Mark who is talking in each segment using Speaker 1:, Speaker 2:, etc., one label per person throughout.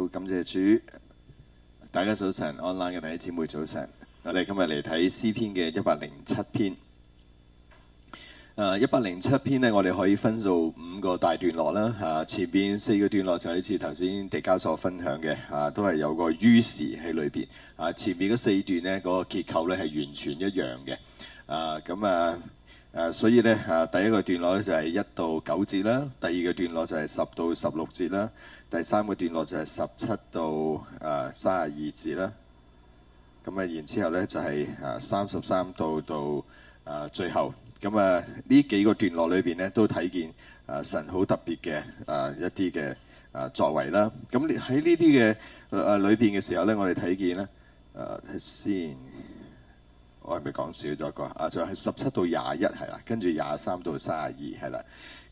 Speaker 1: 好，感謝主，大家早晨 online 嘅弟兄姊妹早晨。我哋今日嚟睇詩篇嘅一百零七篇。誒，一百零七篇呢，我哋可以分做五個大段落啦。嚇、uh，前邊四個段落就係好似頭先迪嘉所分享嘅，嚇、uh，都係有個於是喺裏邊。嚇，uh, 前面嗰四段呢，嗰、那個結構咧係完全一樣嘅、uh, 啊。啊，咁啊，誒，所以呢，嚇，第一個段落呢就係一到九節啦，第二個段落就係十到十六節啦。第三個段落就係十七到誒三十二字啦，咁啊，然之後呢就係誒三十三到到誒、呃、最後，咁啊呢幾個段落裏邊呢都睇見誒、呃、神好特別嘅誒一啲嘅誒作為啦。咁喺呢啲嘅誒裏邊嘅時候呢，我哋睇見咧誒、呃，先我係咪講少咗個啊？就係十七到廿一係啦，跟住廿三到三十二係啦。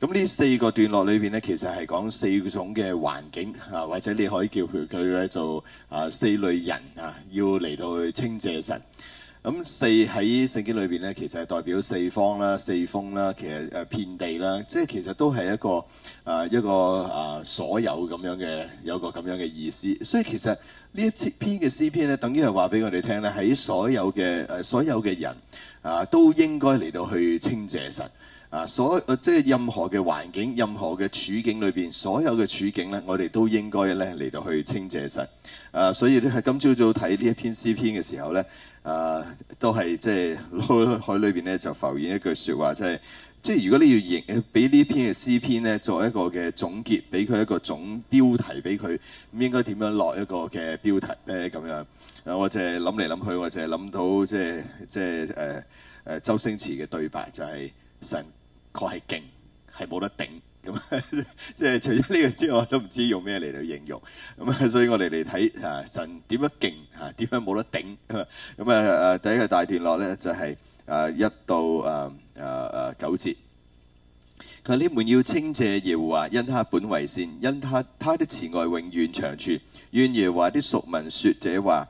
Speaker 1: 咁呢四個段落裏邊咧，其實係講四種嘅環境啊，或者你可以叫佢佢咧做啊四類人啊，要嚟到去稱謝神。咁、啊、四喺聖經裏邊咧，其實係代表四方啦、四風啦、其實誒、啊、遍地啦，即、啊、係其實都係一個誒、啊、一個誒、啊、所有咁樣嘅有個咁樣嘅意思。所以其實呢一篇嘅詩篇咧，等於係話俾我哋聽咧，喺所有嘅誒、啊、所有嘅人啊，都應該嚟到去稱謝神。啊，所啊即係任何嘅環境，任何嘅處境裏邊，所有嘅處境咧，我哋都應該咧嚟到去稱謝神啊，所以咧喺今朝早睇呢一篇詩篇嘅時候咧，啊，都係即係腦海裏邊咧就浮現一句說話，即係即係如果你要認俾呢篇嘅詩篇咧作為一個嘅總結，俾佢一個總標題俾佢，咁應該點樣落一個嘅標題咧咁、呃、樣、啊？我就係諗嚟諗去，我就係諗到即係即係誒誒周星馳嘅對白就係、是、神。確係勁，係冇得頂咁。即係除咗呢個之外，我都唔知用咩嚟到形容。咁啊，所以我哋嚟睇啊，神點樣勁啊，點樣冇得頂咁啊？誒，第一個大段落咧就係、是、誒、啊、一到誒誒誒九節。佢呢，你們要稱謝耶和華，因他本為善，因他他的慈愛永遠長存。願耶和華的贖民説這話，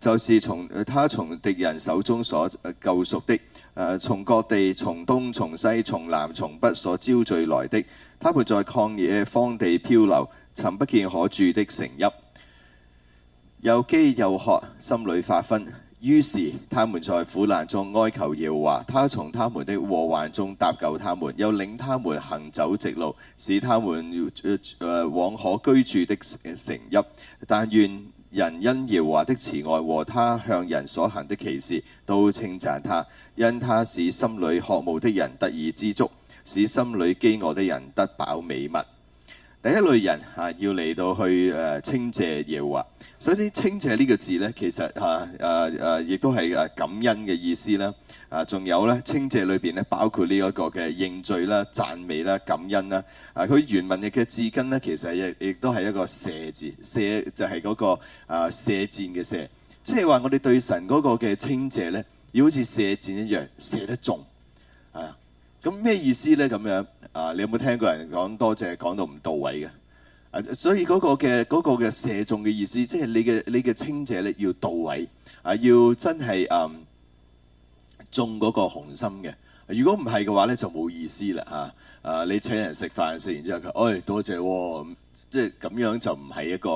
Speaker 1: 就是從他從敵人手中所救贖的。誒、呃、從各地、從東、從西、從南、從北所招聚來的，他們在曠野荒地漂流，尋不見可住的城邑，又飢又渴，心裡發昏。於是他們在苦難中哀求耶和華，他從他們的禍患中搭救他們，又領他們行走直路，使他們、呃、往可居住的城邑。但願人因耀華的慈愛和他向人所行的奇事，都稱讚他，因他使心裏渴慕的人得以知足，使心裏飢餓的人得飽美物。第一類人嚇、啊、要嚟到去誒稱、啊、謝耀華。首先，稱謝呢個字呢，其實嚇誒誒，亦都係誒感恩嘅意思啦。啊，仲有呢，稱謝裏邊咧，包括呢一個嘅認罪啦、讚美啦、感恩啦。啊，佢原文嘅嘅字根呢，其實亦亦都係一個射字，射就係嗰、嗰個啊射箭嘅射。即係話我哋對神嗰個嘅稱謝呢，要好似射箭一樣射得中。啊，咁咩意思呢？咁樣啊，你有冇聽過人講多謝講到唔到位嘅？啊、所以嗰個嘅嗰嘅射中嘅意思，即係你嘅你嘅稱謝咧要到位，啊要真係嗯中嗰個紅心嘅。如果唔係嘅話咧，就冇意思啦嚇、啊。啊，你請人食飯食完之後佢，哎多謝、哦嗯，即係咁樣就唔係一個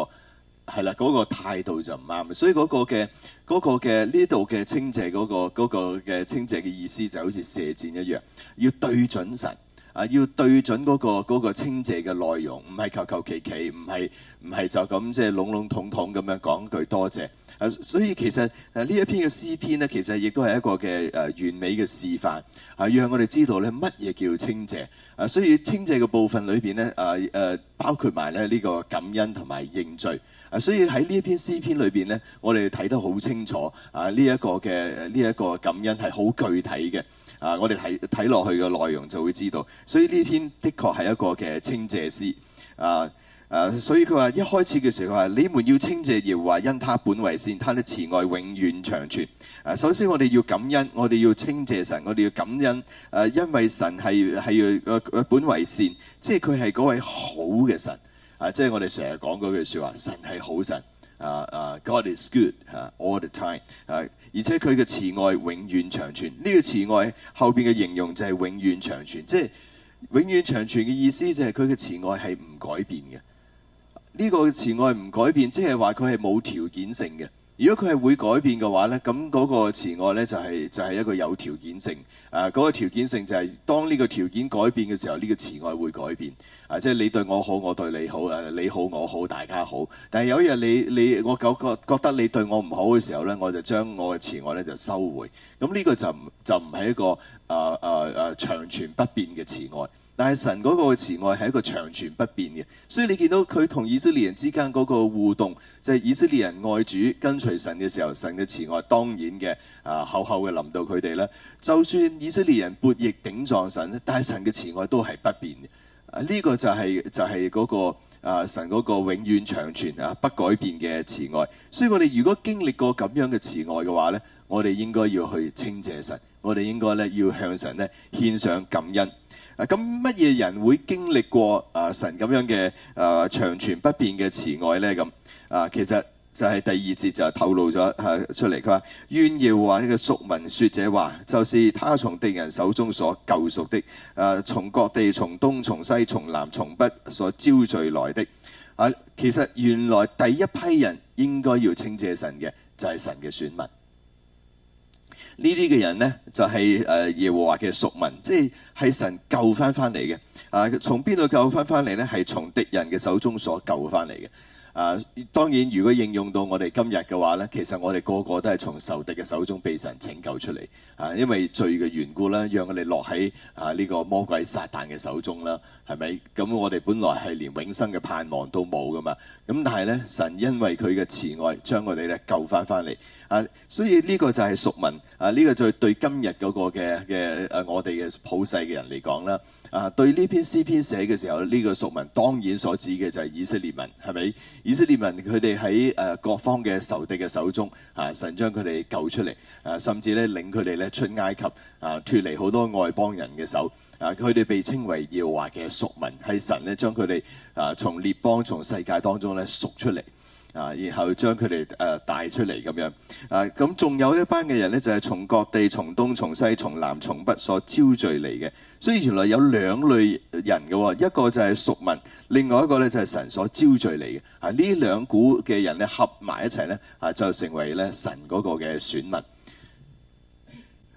Speaker 1: 係啦。嗰、嗰個態度就唔啱，所以嗰個嘅嗰嘅呢度嘅稱謝、嗰個，嗰、嗰個嘅稱謝嘅意思就好似射箭一樣，要對準神。啊！要對準嗰個嗰個稱謝嘅內容，唔係求求其其，唔係唔係就咁即係籠籠統統咁樣講，就是、句多謝。所以其實啊呢一篇嘅詩篇呢，其實亦都係一個嘅誒完美嘅示範，啊，讓我哋知道咧乜嘢叫稱謝。啊，所以稱謝嘅部分裏邊呢，啊誒包括埋咧呢個感恩同埋認罪。啊，所以喺呢一篇詩篇裏邊呢，我哋睇得好清楚，啊呢一個嘅呢一個感恩係好具體嘅。啊，我哋睇睇落去嘅內容就會知道，所以呢篇的確係一個嘅稱謝詩。啊。誒、啊，所以佢話一開始嘅時候，佢話你們要稱謝耶和華，要話因他本為善，他的慈愛永遠長存。誒、啊，首先我哋要感恩，我哋要稱謝神，我哋要感恩。誒、啊，因為神係係誒本為善，即係佢係嗰位好嘅神。誒、啊，即係我哋成日講嗰句説話，神係好神。啊、uh, 啊、uh,，God is good、uh, all the time、啊。誒，而且佢嘅慈愛永遠長存。呢、這個慈愛後邊嘅形容就係永遠長存，即係永遠長存嘅意思就係佢嘅慈愛係唔改變嘅。呢個慈愛唔改變，即係話佢係冇條件性嘅。如果佢係會改變嘅話呢，咁嗰個慈愛咧，就係就係一個有條件性。誒，嗰個條件性就係當呢個條件改變嘅時候，呢個慈愛會改變。誒，即係你對我好，我對你好，你好我好，大家好。但係有一日你你我覺得你對我唔好嘅時候呢，我就將我嘅慈愛咧就收回。咁呢個就唔就唔係一個誒誒誒長存不變嘅慈愛。但係神嗰個慈愛係一個長存不變嘅，所以你見到佢同以色列人之間嗰個互動，就係、是、以色列人愛主跟隨神嘅時候，神嘅慈愛當然嘅啊厚厚嘅臨到佢哋咧。就算以色列人悖逆頂撞神，但係神嘅慈愛都係不變嘅。呢、啊這個就係、是、就係、是、嗰、那個啊神嗰個永遠長存啊不改變嘅慈愛。所以我哋如果經歷過咁樣嘅慈愛嘅話呢，我哋應該要去稱謝神，我哋應該咧要向神咧獻上感恩。啊！咁乜嘢人會經歷過啊神咁樣嘅啊長存不變嘅慈愛呢？咁啊，其實就係第二節就透露咗出嚟，佢話：願耶和華啊，呢個贖民説者話，就是他從敵人手中所救贖的，誒、啊，從各地、從東、從西、從南、從北所招聚來的。啊，其實原來第一批人應該要稱謝神嘅，就係、是、神嘅選民。呢啲嘅人咧，就係、是、誒耶和華嘅屬民，即係係神救翻翻嚟嘅。啊，從邊度救翻翻嚟咧？係從敵人嘅手中所救翻嚟嘅。啊，當然如果應用到我哋今日嘅話呢，其實我哋個個都係從仇敵嘅手中被神拯救出嚟啊！因為罪嘅緣故咧，讓我哋落喺啊呢、這個魔鬼撒旦嘅手中啦，係咪？咁、嗯、我哋本來係連永生嘅盼望都冇噶嘛，咁但係呢神因為佢嘅慈愛將，將我哋咧救翻翻嚟啊！所以呢個就係贖民啊，呢、這個就係對今日嗰個嘅嘅誒我哋嘅普世嘅人嚟講啦。啊，對呢篇詩篇寫嘅時候，呢、這個屬民當然所指嘅就係以色列民，係咪？以色列民佢哋喺誒各方嘅仇敵嘅手中，啊，神將佢哋救出嚟，啊，甚至咧領佢哋咧出埃及，啊，脫離好多外邦人嘅手，啊，佢哋被稱為耀華嘅屬民，係神咧將佢哋啊從列邦、從世界當中咧贖出嚟。啊，然後將佢哋誒帶出嚟咁樣。啊，咁仲有一班嘅人呢，就係、是、從各地、從東、從西、從南、從北所招聚嚟嘅。所以原來有兩類人嘅、哦，一個就係屬民，另外一個呢，就係、是、神所招聚嚟嘅。啊，呢兩股嘅人呢，合埋一齊呢，啊就成為咧神嗰個嘅選民。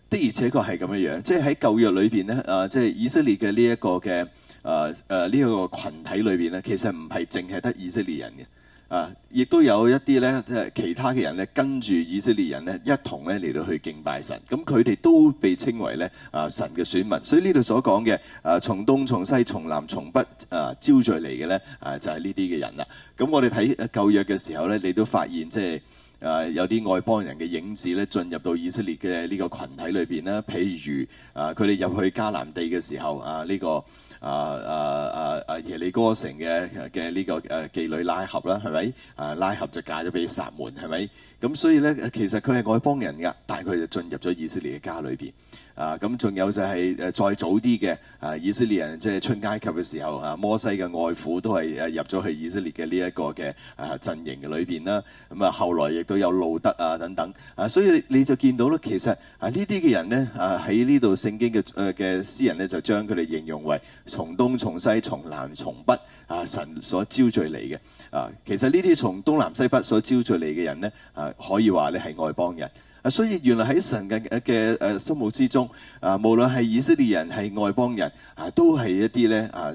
Speaker 1: 的而且確係咁樣樣，即係喺舊約裏邊呢，啊，即、就、係、是、以色列嘅、啊啊這個、呢一個嘅誒誒呢一個羣體裏邊咧，其實唔係淨係得以色列人嘅。啊！亦都有一啲咧，即係其他嘅人咧，跟住以色列人咧，一同咧嚟到去敬拜神。咁佢哋都被稱為咧啊神嘅選民。所以呢度所講嘅啊，從東從西從南從北啊，招聚嚟嘅咧啊，就係呢啲嘅人啦。咁我哋睇舊約嘅時候咧，你都發現即係啊有啲外邦人嘅影子咧，進入到以色列嘅呢個群體裏邊啦。譬如啊，佢哋入去迦南地嘅時候啊，呢個。啊啊啊啊！耶利哥城嘅嘅呢個誒妓女拉合啦，係咪？啊拉合就嫁咗俾撒門，係咪？噉所以呢，其實佢係外邦人㗎，但係佢就進入咗以色列嘅家裏邊。啊，咁仲有就係誒再早啲嘅啊，以色列人即係出埃及嘅時候啊，摩西嘅外父都係誒入咗去以色列嘅呢一個嘅啊陣營嘅裏邊啦。咁啊，後來亦都有路德啊等等啊，所以你就見到咧，其實啊呢啲嘅人呢，啊喺呢度聖經嘅誒嘅詩人呢，就將佢哋形容為從東從西從南從北啊，神所招聚嚟嘅啊。其實呢啲從東南西北所招聚嚟嘅人呢，啊，可以話你係外邦人。啊！所以原來喺神嘅嘅誒心目之中，啊，無論係以色列人係外邦人，啊，都係一啲咧啊，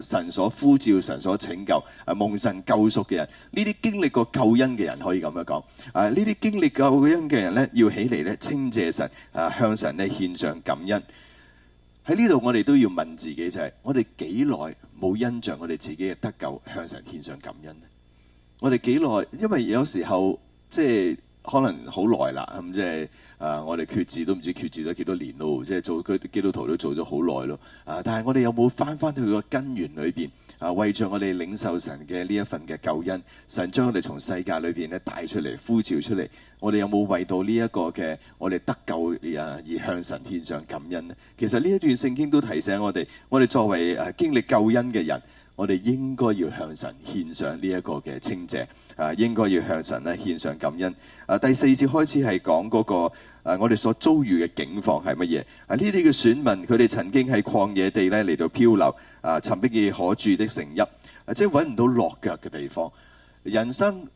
Speaker 1: 神所呼召、神所拯救、啊蒙神救贖嘅人，呢啲經歷過救恩嘅人，可以咁樣講。啊，呢啲經歷過救恩嘅人咧，要起嚟咧稱謝神，啊向神咧獻上感恩。喺呢度我哋都要問自己，就係我哋幾耐冇因著我哋自己嘅得救，向神獻上感恩咧？我哋幾耐？因為有時候即係。可能好耐啦，咁、嗯、即係啊、呃，我哋決志都唔知決志咗幾多年咯，即係做佢基督徒都做咗好耐咯。啊，但係我哋有冇翻翻去個根源裏邊啊？為着我哋領受神嘅呢一份嘅救恩，神將我哋從世界裏邊咧帶出嚟，呼召出嚟，我哋有冇為到呢一個嘅我哋得救啊而向神獻上感恩呢？其實呢一段聖經都提醒我哋，我哋作為誒、啊、經歷救恩嘅人，我哋應該要向神獻上呢一個嘅稱謝，啊，應該要向神咧獻上感恩。啊、第四節開始係講嗰個、啊、我哋所遭遇嘅境況係乜嘢？啊，呢啲嘅選民佢哋曾經喺曠野地咧嚟到漂流啊，尋不見可住的城邑、啊、即係揾唔到落腳嘅地方。人生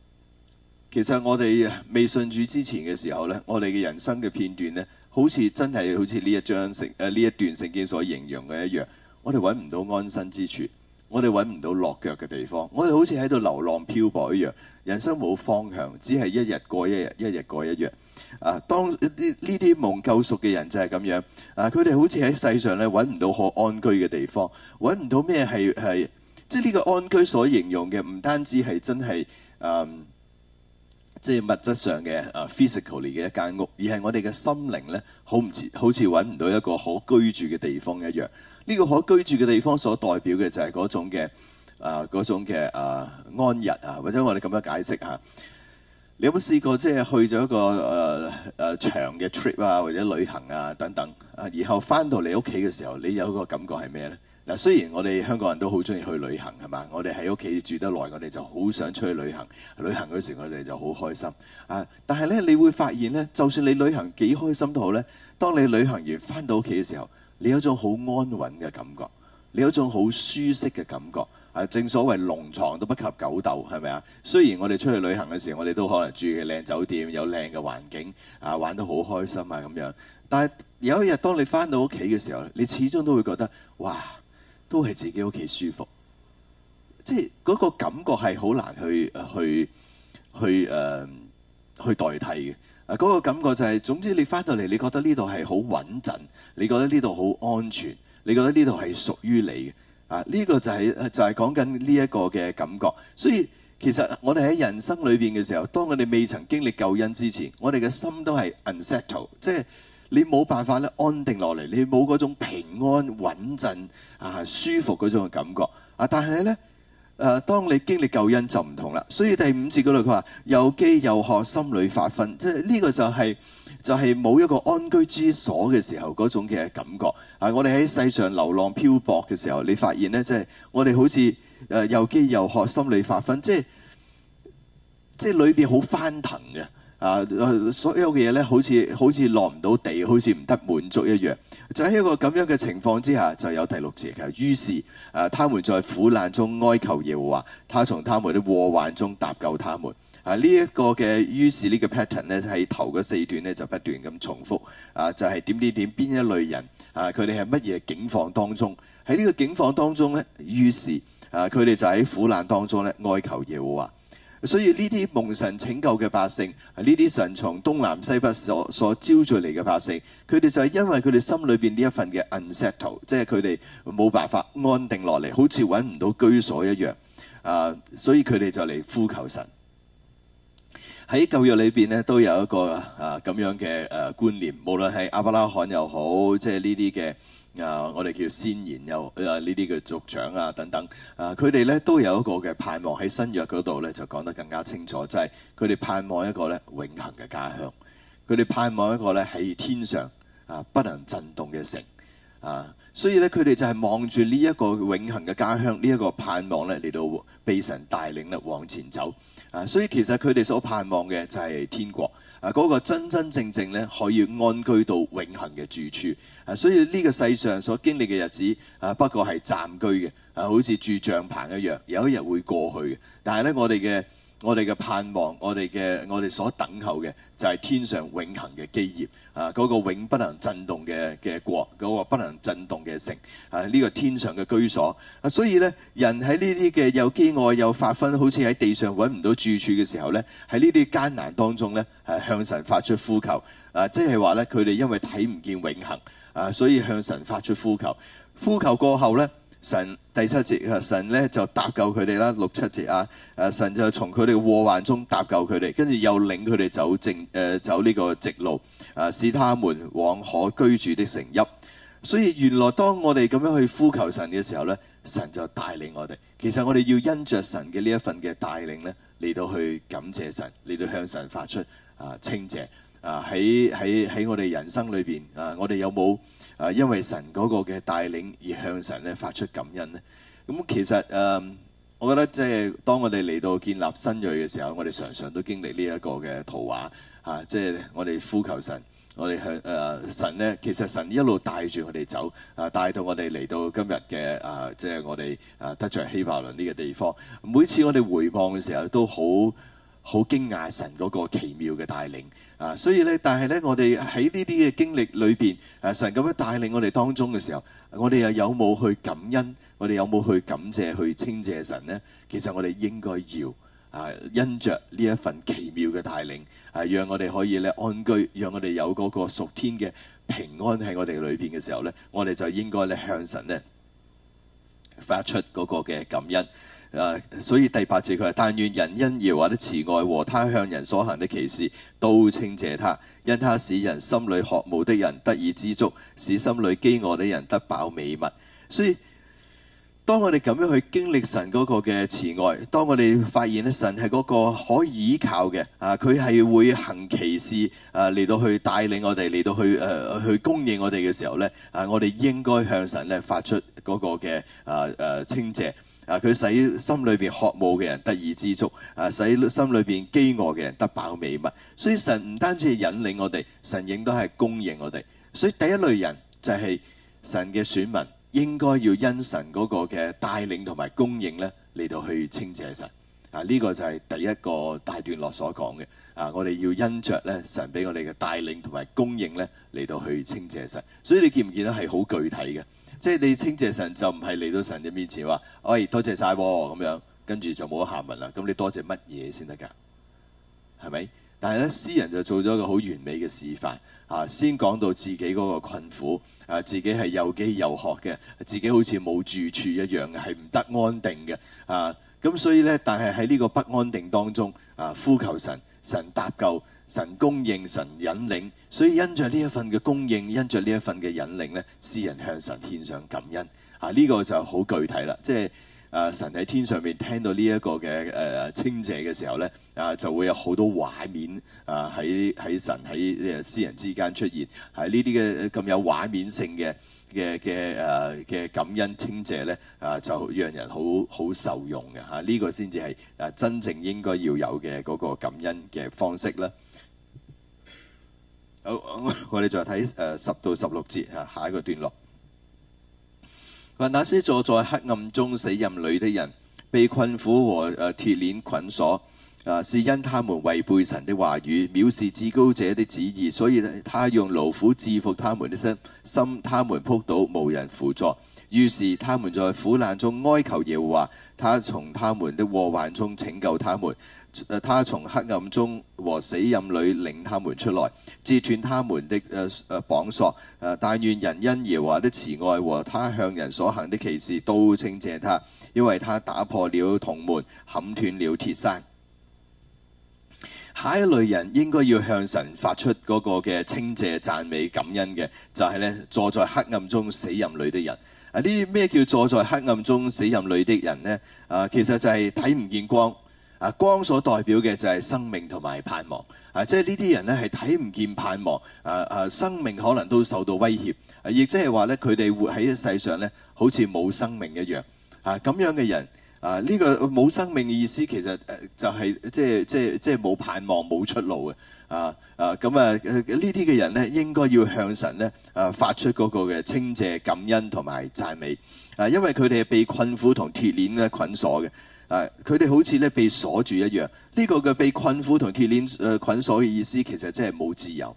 Speaker 1: 其實我哋未信主之前嘅時候呢，我哋嘅人生嘅片段呢，好似真係好似呢一章聖，啊，呢一段聖經所形容嘅一樣，我哋揾唔到安身之處，我哋揾唔到落腳嘅地方，我哋好似喺度流浪漂泊一樣。人生冇方向，只係一日過一日，一日過一日。啊，當呢呢啲蒙救贖嘅人就係咁樣。啊，佢哋好似喺世上咧揾唔到可安居嘅地方，揾唔到咩係係，即係呢個安居所形容嘅唔單止係真係，嗯，即係物質上嘅啊 physically 嘅一間屋，而係我哋嘅心靈咧，好唔似好似揾唔到一個可居住嘅地方一樣。呢、這個可居住嘅地方所代表嘅就係嗰種嘅。啊，嗰種嘅啊安逸啊，或者我哋咁樣解釋下，你有冇試過即係去咗一個誒誒、呃呃、長嘅 trip 啊，或者旅行啊等等啊，然後翻到你屋企嘅時候，你有個感覺係咩呢？嗱、啊，雖然我哋香港人都好中意去旅行係嘛？我哋喺屋企住得耐，我哋就好想出去旅行。旅行嗰時我哋就好開心啊，但係呢，你會發現呢，就算你旅行幾開心都好呢，當你旅行完翻到屋企嘅時候，你有種好安穩嘅感覺，你有種好舒適嘅感覺。啊，正所謂龍牀都不及狗竇，係咪啊？雖然我哋出去旅行嘅時候，我哋都可能住嘅靚酒店，有靚嘅環境，啊，玩得好開心啊咁樣。但係有一日，當你翻到屋企嘅時候咧，你始終都會覺得，哇，都係自己屋企舒服。即係嗰、那個感覺係好難去、啊、去去誒、啊、去代替嘅。啊，嗰、那個感覺就係、是、總之你翻到嚟，你覺得呢度係好穩陣，你覺得呢度好安全，你覺得呢度係屬於你嘅。啊！呢個就係就係講緊呢一個嘅感覺，所以其實我哋喺人生裏邊嘅時候，當我哋未曾經歷救恩之前，我哋嘅心都係 unsettle，即係你冇辦法咧安定落嚟，你冇嗰種平安穩陣啊舒服嗰種嘅感覺。啊，但係咧誒，當你經歷救恩就唔同啦。所以第五節嗰度佢話又飢又渴，心裏發昏，即係呢個就係。就係冇一個安居之所嘅時候，嗰種嘅感覺啊！我哋喺世上流浪漂泊嘅時候，你發現呢，即、就、係、是、我哋好似誒、啊、又飢又渴，心裏發昏，即係即係裏邊好翻騰嘅啊，啊！所有嘅嘢呢好似好似落唔到地，好似唔得滿足一樣。就喺一個咁樣嘅情況之下，就有第六節嘅。於是誒、啊，他們在苦難中哀求耶和華，他從他們的禍患中搭救他們。啊！呢一個嘅於是呢個 pattern 咧，喺頭嗰四段咧就不斷咁重複。啊，就係點點點，邊一類人啊？佢哋係乜嘢境況當中？喺呢個境況當中咧，於是啊，佢哋就喺苦難當中咧哀求耶和華。所以呢啲蒙神拯救嘅百姓，呢啲神從東南西北所所招聚嚟嘅百姓，佢哋就係因為佢哋心裏邊呢一份嘅 unsettled，即係佢哋冇辦法安定落嚟，好似揾唔到居所一樣。啊，所以佢哋就嚟呼求神。喺舊約裏邊咧，都有一個啊咁樣嘅誒觀念，無論係亞伯拉罕又好，即係呢啲嘅啊，我哋叫先賢又啊呢啲嘅族長啊等等啊，佢哋呢都有一個嘅盼望，喺新約嗰度呢就講得更加清楚，就係佢哋盼望一個呢永恆嘅家鄉，佢哋盼望一個呢喺天上啊不能震動嘅城啊，所以呢，佢哋就係望住呢一個永恆嘅家鄉，呢、這、一個盼望呢嚟到被神帶領呢往前走。啊，所以其實佢哋所盼望嘅就係天國，啊嗰、那個真真正正咧可以安居到永恆嘅住處。啊，所以呢個世上所經歷嘅日子，啊不過係暫居嘅，啊好似住帳篷一樣，有一日會過去嘅。但係呢，我哋嘅我哋嘅盼望，我哋嘅我哋所等候嘅就係天上永恆嘅基業啊！嗰個永不能震動嘅嘅國，嗰個不能震動嘅城啊！呢個天上嘅居所啊！所以咧，人喺呢啲嘅又飢餓又發昏，好似喺地上揾唔到住處嘅時候咧，喺呢啲艱難當中咧，係向神發出呼求啊！即係話咧，佢哋因為睇唔見永恆啊，所以向神發出呼求。呼求過後咧。神，第七節神呢就搭救佢哋啦。六七節啊，誒神就從佢哋嘅禍患中搭救佢哋，跟住又領佢哋走正誒、呃、走呢個直路，誒、啊、使他們往可居住的城邑。所以原來當我哋咁樣去呼求神嘅時候呢，神就帶領我哋。其實我哋要因着神嘅呢一份嘅帶領呢，嚟到去感謝神，嚟到向神發出清啊稱謝啊，喺喺喺我哋人生裏邊啊，我哋有冇？啊，因為神嗰個嘅帶領而向神咧發出感恩咧。咁其實誒，我覺得即係當我哋嚟到建立新銳嘅時候，我哋常常都經歷呢一個嘅圖畫啊，即係我哋呼求神，我哋向誒、啊、神咧，其實神一路帶住我哋走啊，帶到我哋嚟到今日嘅啊，即係我哋啊，得著希伯倫呢個地方。每次我哋回望嘅時候，都好。好驚訝神嗰個奇妙嘅帶領啊！所以咧，但係咧，我哋喺呢啲嘅經歷裏邊，啊神咁樣帶領我哋當中嘅時候，我哋又有冇去感恩？我哋有冇去感謝、去稱謝神咧？其實我哋應該要啊，因著呢一份奇妙嘅帶領，啊讓我哋可以咧安居，讓我哋有嗰個屬天嘅平安喺我哋裏邊嘅時候咧，我哋就應該咧向神咧發出嗰個嘅感恩。啊！所以第八節佢話：但願人因耶和華的慈愛和他向人所行的奇事，都稱謝他，因他使人心裏渴慕的人得以知足，使心裏飢餓的人得飽美物。所以，當我哋咁樣去經歷神嗰個嘅慈愛，當我哋發現咧神係嗰個可以依靠嘅啊，佢係會行奇事啊嚟到去帶領我哋嚟到去誒、啊、去供應我哋嘅時候呢，啊，我哋應該向神咧發出嗰個嘅啊誒稱、啊、謝。啊！佢使心裏邊渴慕嘅人得以知足，啊，使心裏邊飢餓嘅人得飽美物。所以神唔單止係引領我哋，神應都係供應我哋。所以第一類人就係神嘅選民，應該要因神嗰個嘅帶領同埋供應咧嚟到去稱謝神。啊，呢個就係第一個大段落所講嘅。啊，我哋要因著咧神俾我哋嘅帶領同埋供應咧嚟到去稱謝神。所以你見唔見得係好具體嘅？即係你稱謝神就唔係嚟到神嘅面前話，喂，多謝曬咁樣，跟住就冇下文啦。咁你多謝乜嘢先得㗎？係咪？但係咧，詩人就做咗個好完美嘅示範啊！先講到自己嗰個困苦啊，自己係又飢又渴嘅，自己好似冇住處一樣嘅，係唔得安定嘅啊！咁所以咧，但係喺呢個不安定當中啊，呼求神，神搭救。神供應，神引領，所以因着呢一份嘅供應，因着呢一份嘅引領呢，詩人向神獻上感恩啊！呢、這個就好具體啦，即係啊、呃、神喺天上面聽到呢一個嘅誒、呃、稱謝嘅時候呢，啊，就會有好多畫面啊喺喺神喺詩人之間出現，喺呢啲嘅咁有畫面性嘅嘅嘅誒嘅感恩稱謝呢，啊，就讓人好好受用嘅嚇，呢個先至係啊真正應該要有嘅嗰個感恩嘅方式啦。好、哦哦，我哋再睇誒、呃、十到十六節嚇、啊，下一個段落。話那些坐在黑暗中死蔭裏的人，被困苦和誒鐵鏈捆鎖，啊、呃呃，是因他們違背神的話語，藐視至高者的旨意，所以他用勞苦制服他們的心，心他們仆倒，無人扶助，於是他們在苦難中哀求耶和華，他從他們的禍患中拯救他們。他從黑暗中和死陰裡領他們出來，截斷他們的誒誒、呃呃、綁索。誒、呃、但願人因耶和華的慈愛和他向人所行的奇事都稱謝他，因為他打破了銅門，砍斷了鐵山。下一類人應該要向神發出嗰個嘅稱謝、讚美、感恩嘅，就係、是、呢坐在黑暗中死陰裡的人。啊！呢啲咩叫坐在黑暗中死陰裡的人呢？啊，其實就係睇唔見光。光所代表嘅就係生命同埋盼望，啊即係呢啲人呢係睇唔見盼望，啊啊生命可能都受到威脅，啊亦即係話呢佢哋活喺世上呢，好似冇生命一樣，啊咁樣嘅人，啊呢個冇生命嘅意思其實就係即係即係即係冇盼望冇出路嘅，啊啊咁啊呢啲嘅人呢，應該要向神呢啊發出嗰個嘅清謝感恩同埋讚美，啊因為佢哋係被困苦同鐵鏈嘅捆鎖嘅。佢哋、啊、好似咧被鎖住一樣，呢、呢個嘅被困苦同鐵鏈誒捆鎖嘅意思，其實真係冇自由。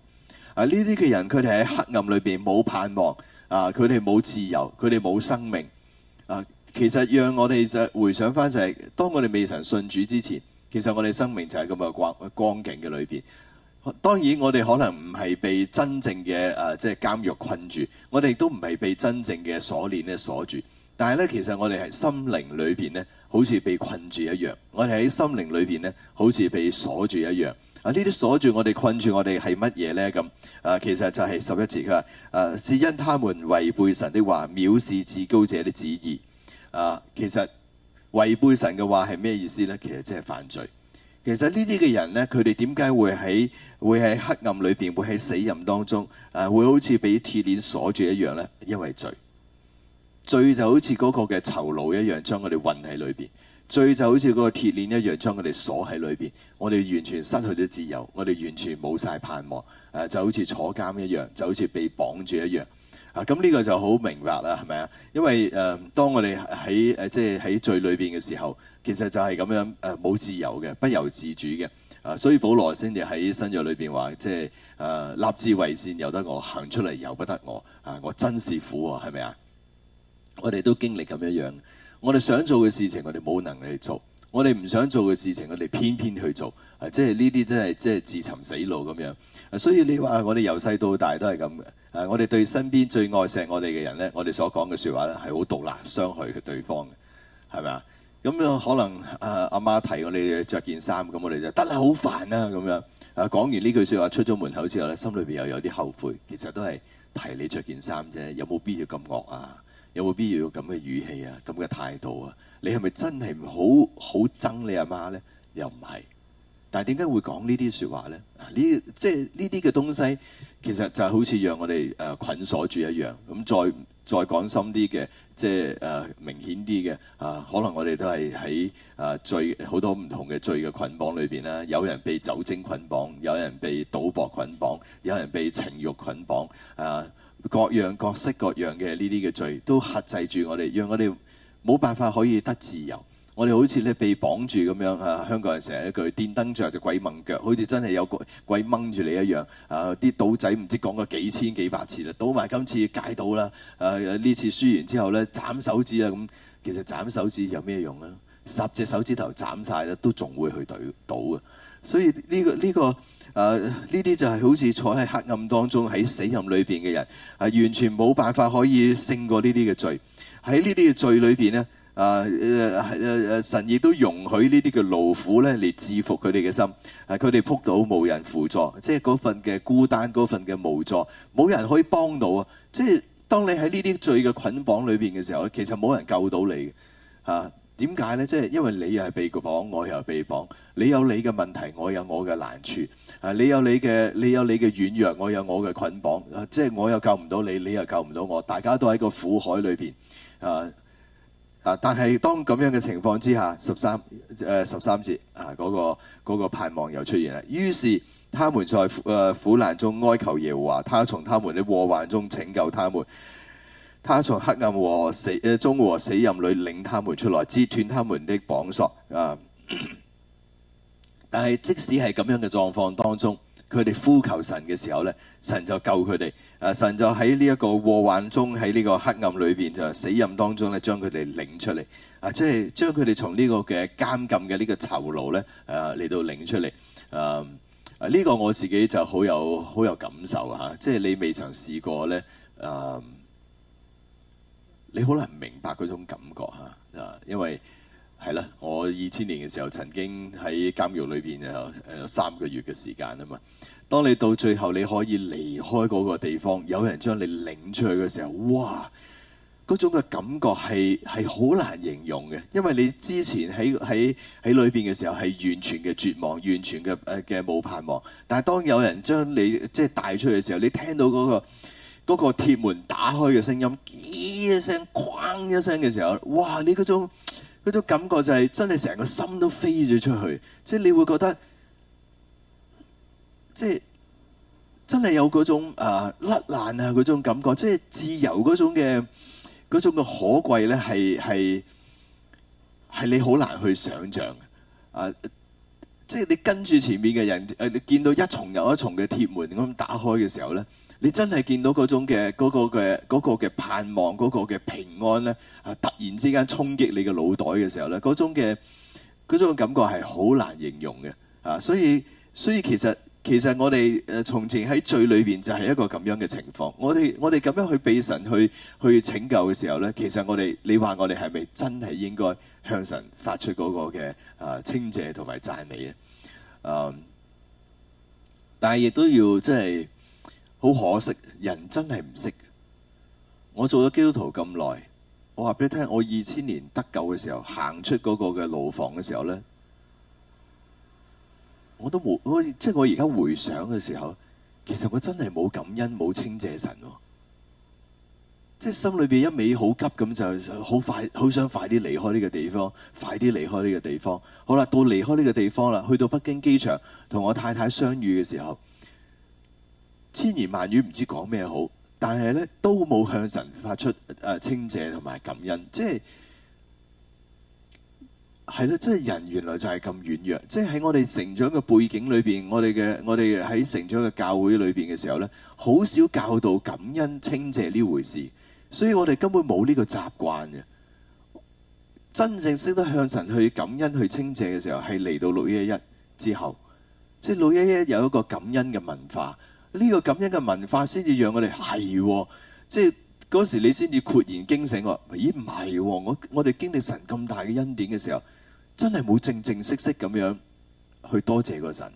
Speaker 1: 啊，呢啲嘅人佢哋喺黑暗裏邊冇盼望，啊，佢哋冇自由，佢哋冇生命。啊，其實讓我哋就回想翻就係、是，當我哋未曾信主之前，其實我哋生命就係咁嘅光光景嘅裏邊。當然我哋可能唔係被真正嘅誒即係監獄困住，我哋都唔係被真正嘅鎖鏈咧鎖住。但係咧，其實我哋係心靈裏邊咧。好似被困住一樣，我哋喺心靈裏邊呢，好似被鎖住一樣。啊！呢啲鎖住我哋、困住我哋係乜嘢呢？咁啊，其實就係十一字。佢話，誒、啊、是因他們違背神的話，藐視至高者的旨意。啊，其實違背神嘅話係咩意思呢？其實即係犯罪。其實呢啲嘅人呢，佢哋點解會喺會喺黑暗裏邊，會喺死人當中，誒、啊、會好似俾鐵鏈鎖住一樣呢？因為罪。罪就好似嗰個嘅囚牢一樣，將，將佢哋困喺裏邊；罪就好似嗰個鐵鏈一樣，將佢哋鎖喺裏邊。我哋完全失去咗自由，我哋完全冇晒盼望。誒、呃，就好似坐監一樣，就好似被綁住一樣。啊，咁呢個就好明白啦，係咪啊？因為誒、呃，當我哋喺誒即係喺罪裏邊嘅時候，其實就係咁樣誒，冇、啊、自由嘅，不由自主嘅。啊，所以保羅先至喺新約裏邊話，即係誒、啊，立志為善由得我，行出嚟由不得我。啊，我真是苦啊，係咪啊？我哋都經歷咁一樣，我哋想做嘅事情我哋冇能力做，我哋唔想做嘅事情我哋偏偏去做，啊，即係呢啲真係即係自尋死路咁樣、啊。所以你話我哋由細到大都係咁嘅，我哋對身邊最愛錫我哋嘅人呢，我哋所講嘅説話呢，係好毒辣傷害嘅對方嘅，係咪啊？咁樣可能啊，阿媽提我哋着件衫，咁、嗯、我哋就得啦，好煩啊咁樣。啊，講完呢句説話出咗門口之後呢，心裏邊又有啲後悔，其實都係提你着件衫啫，有冇必要咁惡啊？有冇必要有咁嘅語氣啊？咁嘅態度啊？你係咪真係唔好好憎你阿媽呢？又唔係。但係點解會講呢啲説話呢？啊，呢即係呢啲嘅東西，其實就好似讓我哋誒捆鎖住一樣。咁、嗯、再再講深啲嘅，即係誒、啊、明顯啲嘅啊，可能我哋都係喺啊罪好多唔同嘅罪嘅捆綁裏邊啦。有人被酒精捆綁，有人被賭博捆綁，有人被情欲捆綁啊。各樣各式各樣嘅呢啲嘅罪都克制住我哋，讓我哋冇辦法可以得自由。我哋好似咧被綁住咁樣啊！香港人成日一句電燈着，就鬼掹腳，好似真係有鬼鬼掹住你一樣啊！啲賭仔唔知講過幾千幾百次啦，賭埋今次戒賭啦，誒呢、啊、次輸完之後呢，斬手指啊！咁、嗯、其實斬手指有咩用啊？十隻手指頭斬晒啦，都仲會去賭賭啊！所以呢個呢個。這個誒呢啲就係好似坐喺黑暗當中喺死蔭裏邊嘅人，係完全冇辦法可以勝過呢啲嘅罪。喺呢啲嘅罪裏邊咧，誒誒誒，神亦都容許呢啲嘅勞苦咧嚟制服佢哋嘅心。係佢哋仆倒無人扶助，即係嗰份嘅孤單，嗰份嘅無助，冇人可以幫到啊！即係當你喺呢啲罪嘅捆綁裏邊嘅時候咧，其實冇人救到你嘅嚇。點解呢？即係因為你又係被綁，我又係被綁。你有你嘅問題，我有我嘅難處。啊，你有你嘅你有你嘅軟弱，我有我嘅捆綁。啊、即係我又救唔到你，你又救唔到我。大家都喺個苦海裏邊。啊啊！但係當咁樣嘅情況之下，十三誒十三節啊，嗰、嗰個、嗰個盼望又出現啦。於是他們在誒苦、呃、難中哀求耶和華，他從他們的禍患中拯救他們。他從黑暗和死誒中和死陰裏領他們出來，撕斷他們的綁索啊！ 但係即使係咁樣嘅狀況當中，佢哋呼求神嘅時候咧，神就救佢哋啊！神就喺呢一個禍患中，喺呢個黑暗裏邊就死陰當中咧，將佢哋領出嚟啊！即係將佢哋從呢個嘅監禁嘅呢個囚牢咧啊嚟到領出嚟啊！啊呢、這個我自己就好有好有感受嚇、啊，即係你未曾試過咧啊！你好難明白嗰種感覺嚇，啊，因為係啦，我二千年嘅時候曾經喺監獄裏邊有三個月嘅時間啊嘛。當你到最後你可以離開嗰個地方，有人將你領出去嘅時候，哇！嗰種嘅感覺係係好難形容嘅，因為你之前喺喺喺裏邊嘅時候係完全嘅絕望，完全嘅誒嘅冇盼望。但係當有人將你即係帶出去嘅時候，你聽到嗰個嗰個鐵門打開嘅聲音，咦一聲，哐一聲嘅時候，哇！你嗰種、嗰種感覺就係真係成個心都飛咗出去，即係你會覺得，即係真係有嗰種、啊、甩爛啊嗰種感覺，即係自由嗰種嘅嗰種嘅可貴咧，係係係你好難去想像啊！即係你跟住前面嘅人、啊、你見到一重又一重嘅鐵門咁打開嘅時候咧。你真係見到嗰種嘅嗰個嘅嗰個嘅盼望，嗰個嘅平安咧啊！突然之間衝擊你嘅腦袋嘅時候咧，嗰種嘅嗰種感覺係好難形容嘅啊！所以所以其實其實我哋誒從前喺罪裏邊就係一個咁樣嘅情況。我哋我哋咁樣去畀神去去拯救嘅時候咧，其實我哋你話我哋係咪真係應該向神發出嗰個嘅啊稱謝同埋讚美啊？嗯、um，但係亦都要即係。好可惜，人真係唔識。我做咗基督徒咁耐，我話俾你聽，我二千年得救嘅時候，行出嗰個嘅牢房嘅時候呢，我都冇，即係我而家回想嘅時候，其實我真係冇感恩，冇稱謝神。啊，即係心裏邊一味好急咁，就好快，好想快啲離開呢個地方，快啲離開呢個地方。好啦，到離開呢個地方啦，去到北京機場同我太太相遇嘅時候。千言萬語唔知講咩好，但係咧都冇向神發出誒稱謝同埋感恩，即係係咯。即係人原來就係咁軟弱，即係喺我哋成長嘅背景裏邊，我哋嘅我哋喺成長嘅教會裏邊嘅時候咧，好少教導感恩稱謝呢回事，所以我哋根本冇呢個習慣嘅。真正識得向神去感恩去稱謝嘅時候，係嚟到六一一之後，即係六一一有一個感恩嘅文化。呢個感恩嘅文化先至讓我哋係，即係嗰時你先至豁然驚醒。咦，唔係我我哋經歷神咁大嘅恩典嘅時候，真係冇正正式式咁樣去多謝個神。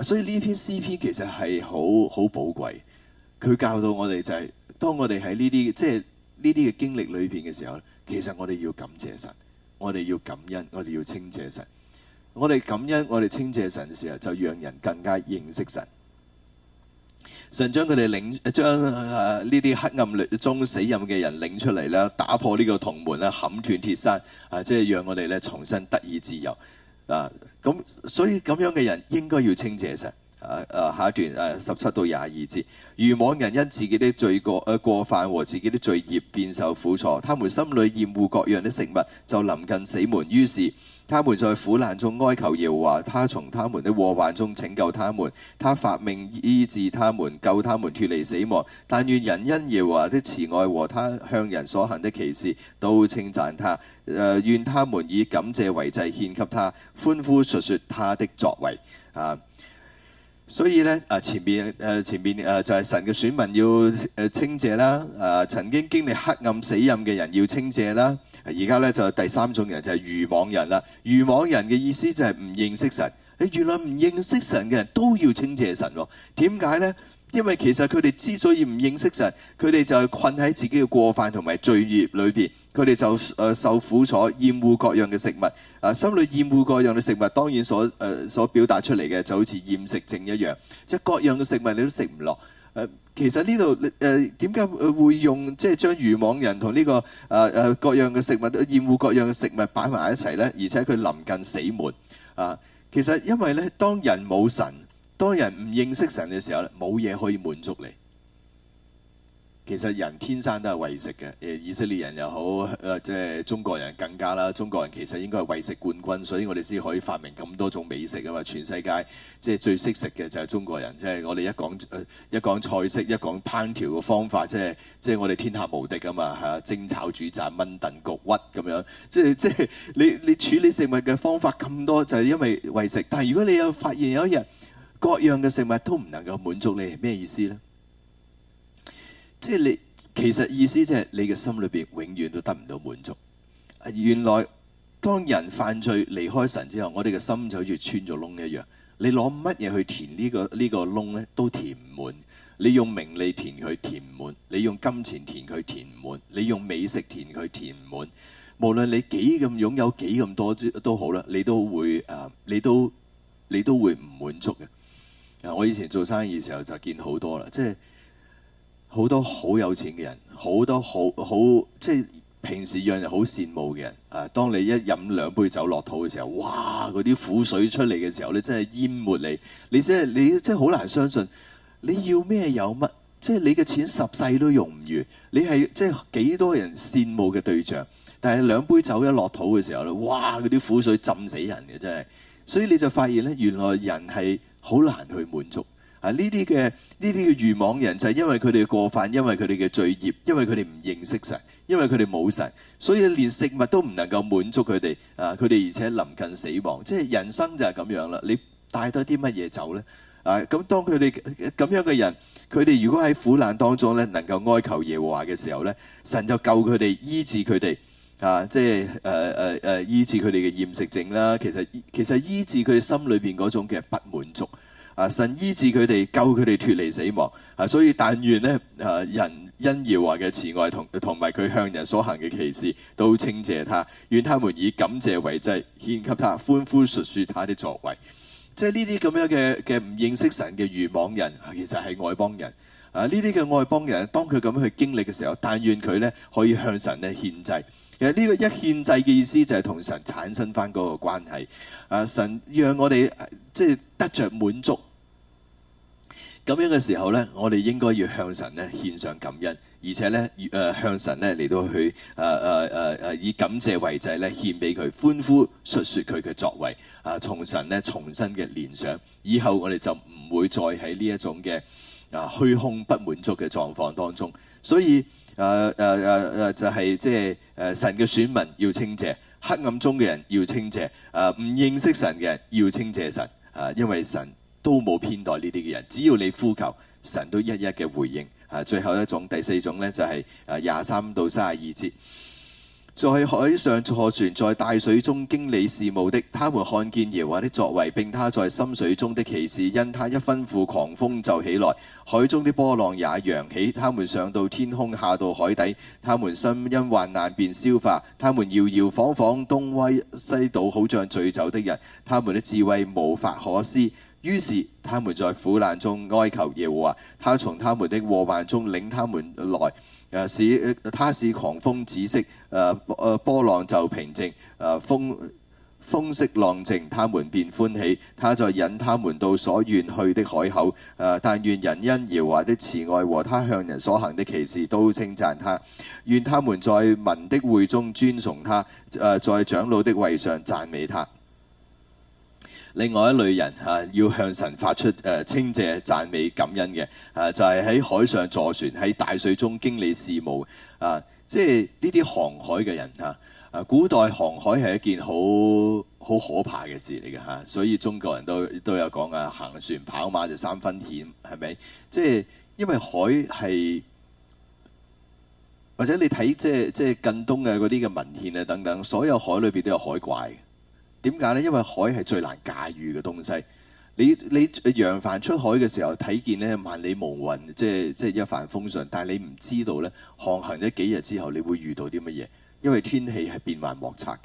Speaker 1: 所以呢篇詩篇其實係好好寶貴。佢教到我哋就係當我哋喺呢啲即係呢啲嘅經歷裏邊嘅時候，其實我哋要感謝神，我哋要感恩，我哋要稱謝神。我哋感恩，我哋稱謝神嘅時候，就讓人更加認識神。神將佢哋領，將誒呢啲黑暗中死蔭嘅人領出嚟啦，打破呢個銅門啦，砍斷鐵閂，啊，即係讓我哋咧重新得以自由啊。咁所以咁樣嘅人應該要稱謝神啊。誒、啊、下一段誒十七到廿二節，愚妄人因自己啲罪過誒、呃、過犯和自己啲罪孽便受苦楚，他們心裏厭惡各樣的食物，就臨近死門，於是，他們在苦難中哀求耶和華，他從他們的禍患中拯救他們，他發命醫治他們，救他們脱離死亡。但願人因耶和華的慈愛和他向人所行的奇事都稱讚他，誒、呃、願他們以感謝為祭獻給他，歡呼述說他的作為啊！所以呢，啊前面誒、啊、前面誒、啊、就係、是、神嘅選民要誒稱、啊、謝啦，啊曾經經歷黑暗死蔭嘅人要稱謝啦。而家咧就第三種人就係愚妄人啦。愚妄人嘅意思就係唔認識神。你原來唔認識神嘅人都要稱謝神，哦。點解呢？因為其實佢哋之所以唔認識神，佢哋就係困喺自己嘅過犯同埋罪孽裏邊。佢哋就誒、呃、受苦楚，厭惡各樣嘅食物。啊、呃，心裏厭惡各樣嘅食物，當然所誒、呃、所表達出嚟嘅就好似厭食症一樣，即係各樣嘅食物你都食唔落。其實呢度誒點解會用即係將愚妄人同呢，這個誒誒，呃、各樣嘅食物厭惡各樣嘅食物擺埋一齊咧？而且佢臨近死門，啊！其實因為咧，當人冇神，當人唔認識神嘅時候咧，冇嘢可以滿足你。其實人天生都係為食嘅，誒以色列人又好，誒即係中國人更加啦。中國人其實應該係為食冠軍，所以我哋先可以發明咁多種美食啊嘛！全世界即係最識食嘅就係中國人，即係我哋一講、呃、一講菜式，一講烹調嘅方法，即係即係我哋天下無敵啊嘛嚇！蒸炒煮炸炆燉焗煀咁樣，即係即係你你處理食物嘅方法咁多，就係因為為食。但係如果你有發現有一日各樣嘅食物都唔能夠滿足你，係咩意思咧？即係你其實意思即係你嘅心裏邊永遠都得唔到滿足。原來當人犯罪離開神之後，我哋嘅心就好似穿咗窿一樣。你攞乜嘢去填呢個呢個窿呢？都填唔滿。你用名利填佢填滿，你用金錢填佢填滿，你用美食填佢填滿。無論你幾咁擁有幾咁多都好啦，你都會誒、呃，你都你都會唔滿足嘅。我以前做生意嘅時候就見好多啦，即係。好多好有錢嘅人，好多好好即係平時讓人好羨慕嘅人。啊，當你一飲兩杯酒落肚嘅時候，哇！嗰啲苦水出嚟嘅時候咧，真係淹沒你。你真係你真係好難相信，你要咩有乜？即係你嘅錢十世都用唔完。你係即係幾多人羨慕嘅對象，但係兩杯酒一落肚嘅時候咧，哇！嗰啲苦水浸死人嘅真係。所以你就發現咧，原來人係好難去滿足。啊！呢啲嘅呢啲嘅愚妄人就係因為佢哋過犯，因為佢哋嘅罪孽，因為佢哋唔認識神，因為佢哋冇神，所以連食物都唔能夠滿足佢哋。啊！佢哋而且臨近死亡，即係人生就係咁樣啦。你帶多啲乜嘢走咧？啊！咁當佢哋咁樣嘅人，佢哋如果喺苦難當中咧，能夠哀求耶和華嘅時候咧，神就救佢哋，醫治佢哋。啊！即係誒誒誒，醫治佢哋嘅厭食症啦。其實其實醫治佢哋心裏邊嗰種嘅不滿足。啊！神醫治佢哋，救佢哋脫離死亡。啊！所以但願咧，啊人因耶和華嘅慈愛同同埋佢向人所行嘅奇事，都稱謝他。願他們以感謝為祭獻給他，歡呼述說他的作為。即係呢啲咁樣嘅嘅唔認識神嘅愚妄人、啊，其實係外邦人。啊！呢啲嘅外邦人，當佢咁樣去經歷嘅時候，但願佢呢可以向神咧獻祭。呢個一獻祭嘅意思就係同神產生翻嗰個關係。啊，神讓我哋、啊、即係得着滿足，咁樣嘅時候呢，我哋應該要向神呢獻上感恩，而且呢，誒、呃、向神呢嚟到去誒誒誒誒以感謝為祭呢獻俾佢，歡呼述説佢嘅作為。啊，從神呢重新嘅聯想，以後我哋就唔會再喺呢一種嘅啊虛空不滿足嘅狀況當中。所以。誒誒誒誒就係即係誒神嘅選民要稱謝，黑暗中嘅人要稱謝，誒、呃、唔認識神嘅人要稱謝神，誒、啊、因為神都冇偏待呢啲嘅人，只要你呼求，神都一一嘅回應。誒、啊、最後一種第四種咧就係誒廿三到卅二節。在海上坐船，在大水中經理事務的，他們看見耶和華的作為，並他在深水中的奇事，因他一吩咐，狂風就起來，海中的波浪也揚起。他們上到天空，下到海底。他們心因患難便消化，他們搖搖晃晃，東歪西倒，好像醉酒的人。他們的智慧無法可施，於是他們在苦難中哀求耶和華，他從他們的禍患中領他們來。他、啊、使狂風止息，啊、波浪就平靜，誒、啊、風息浪靜，他們便歡喜。他在引他們到所願去的海口，啊、但願人因耶和華的慈愛和他向人所行的奇事都稱讚他，願他們在民的會中尊崇他、啊，在長老的位上讚美他。另外一類人嚇、啊，要向神發出誒稱、呃、謝、讚美、感恩嘅，誒、啊、就係、是、喺海上坐船，喺大水中經理事務，啊，即係呢啲航海嘅人嚇，誒、啊、古代航海係一件好好可怕嘅事嚟嘅嚇，所以中國人都都有講啊，行船跑馬就三分險，係咪？即係因為海係，或者你睇即係即係近東嘅嗰啲嘅文獻啊等等，所有海裏邊都有海怪。點解呢？因為海係最難駕馭嘅東西。你你揚帆出海嘅時候睇見呢萬里無雲，即係即係一帆風順。但係你唔知道呢，航行咗幾日之後，你會遇到啲乜嘢？因為天氣係變幻莫測嘅。